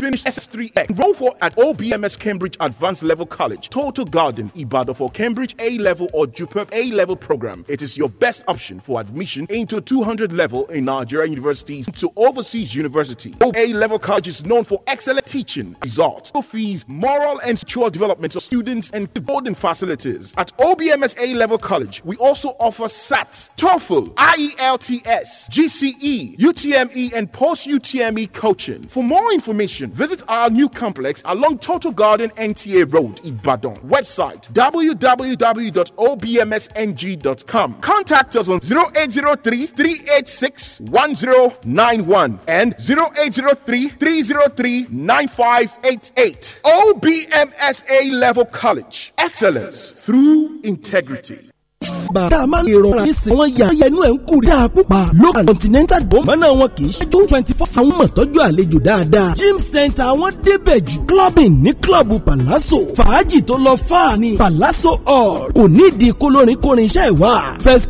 Finish S3X. Roll for at OBMS Cambridge Advanced Level College, Total Garden, Ibadan for Cambridge A level or Jupiter A level program. It is your best option for admission into 200 level in Nigerian universities to overseas university. A level college is known for excellent teaching, results, fees, moral and social development of students, and boarding facilities. At OBMS A level college, we also offer SAT, TOEFL, IELTS, GCE, UTME, and post UTME coaching. For more information, visit our new complex along Total Garden NTA Road, Ibadan. Website www.obmsng.com. Contact us on 0803 386 1091 and 0803 303 9588. OBMSA Level College. Excellence through integrity. bá tá a máa ń ìrọ̀rùn nísìn wọn yà yẹnu ẹ̀ ń kú rí dáa púpà local continental bọ́mọ náà wọn kì í ṣẹ́jú twenty four sàwọn mọ̀ tọ́jú àlejò dáadáa gym center wọn débẹ̀ jù clubbing ní club palazzo fàájì tó lọ fáà ní palazzo hall kò nídìí kólórin kórin iṣẹ́ ìwà first